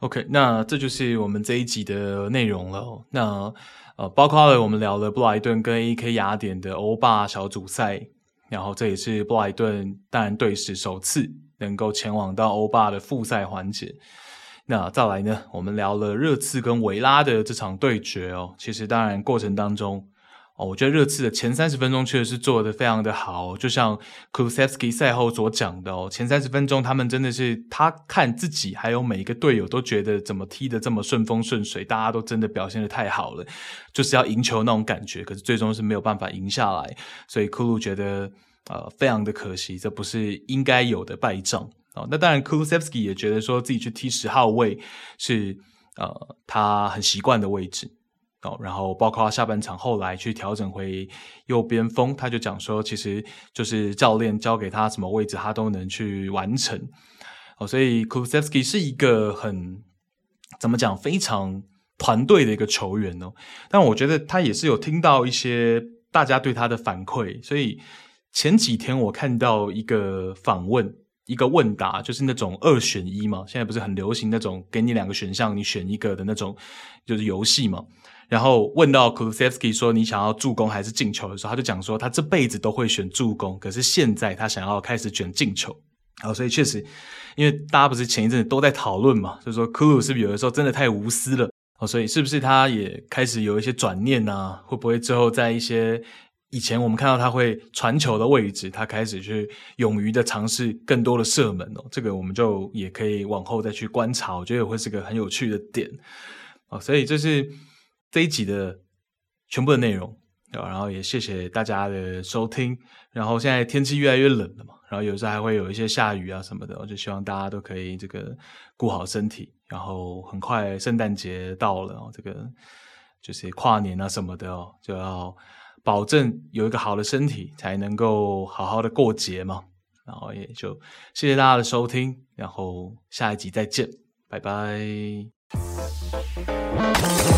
OK，那這就是我們這一集的內容了、哦。那呃，包括了我們聊了布萊頓跟 AEK 雅典的歐霸小組賽。然後這也是布萊頓，當然隊史首次能夠前往到歐霸的複賽環節。那再來呢，我們聊了熱刺跟維拉的這場對決哦。其實當然過程當中。哦，我覺得熱刺的前三十分鐘確實是做得非常的好，就像 Kulusevski 賽後所講的哦，前三十分鐘他們真的是他看自己還有每一個隊友都覺得怎麼踢得這麼順風順水，大家都真的表現得太好了，就是要贏球那種感覺，可是最終是沒有辦法贏下來，所以 Kulu 覺得呃非常的可惜，這不是應該有的敗仗哦。那當然 Kulusevski 也覺得說自己去踢十號位是呃他很習慣的位置。哦，然後包括他下半場後來去調整回右邊鋒，他就講說，其實就是教練交給他什麼位置，他都能去完成。哦，所以 Kulusevski 是一個很怎麼講非常團隊的一個球員哦。但我覺得他也是有聽到一些大家對他的反饋。所以前幾天我看到一個訪問，一個問答，就是那種二選一嘛，現在不是很流行那種給你兩個選項你選一個的那種，就是遊戲嘛。然後問到庫魯塞夫斯基說：“你想要助攻還是進球？”的時候，他就講說：“他這輩子都會選助攻，可是現在他想要開始選進球。”哦，然後所以確實，因為大家不是前一陣子都在討論嘛，就是說庫魯是不是有的時候真的太無私了？哦，所以是不是他也開始有一些轉念呢？會不會之後在一些以前我們看到他會傳球的位置，他開始去勇於的嘗試更多的射門？哦，這個我們就也可以往後再去觀察，我覺得也會是個很有趣的點。哦，所以這、就是。這一集的全部的內容對吧，然後也謝謝大家的收聽。然後現在天氣越來越冷了嘛，然後有時候還會有一些下雨啊什麼的、哦，我就希望大家都可以這個顧好身體。然後很快聖誕節到了，然後這個就是跨年啊什麼的、哦，就要保證有一個好的身體，才能夠好好的過節嘛。然後也就謝謝大家的收聽，然後下一集再見，拜拜。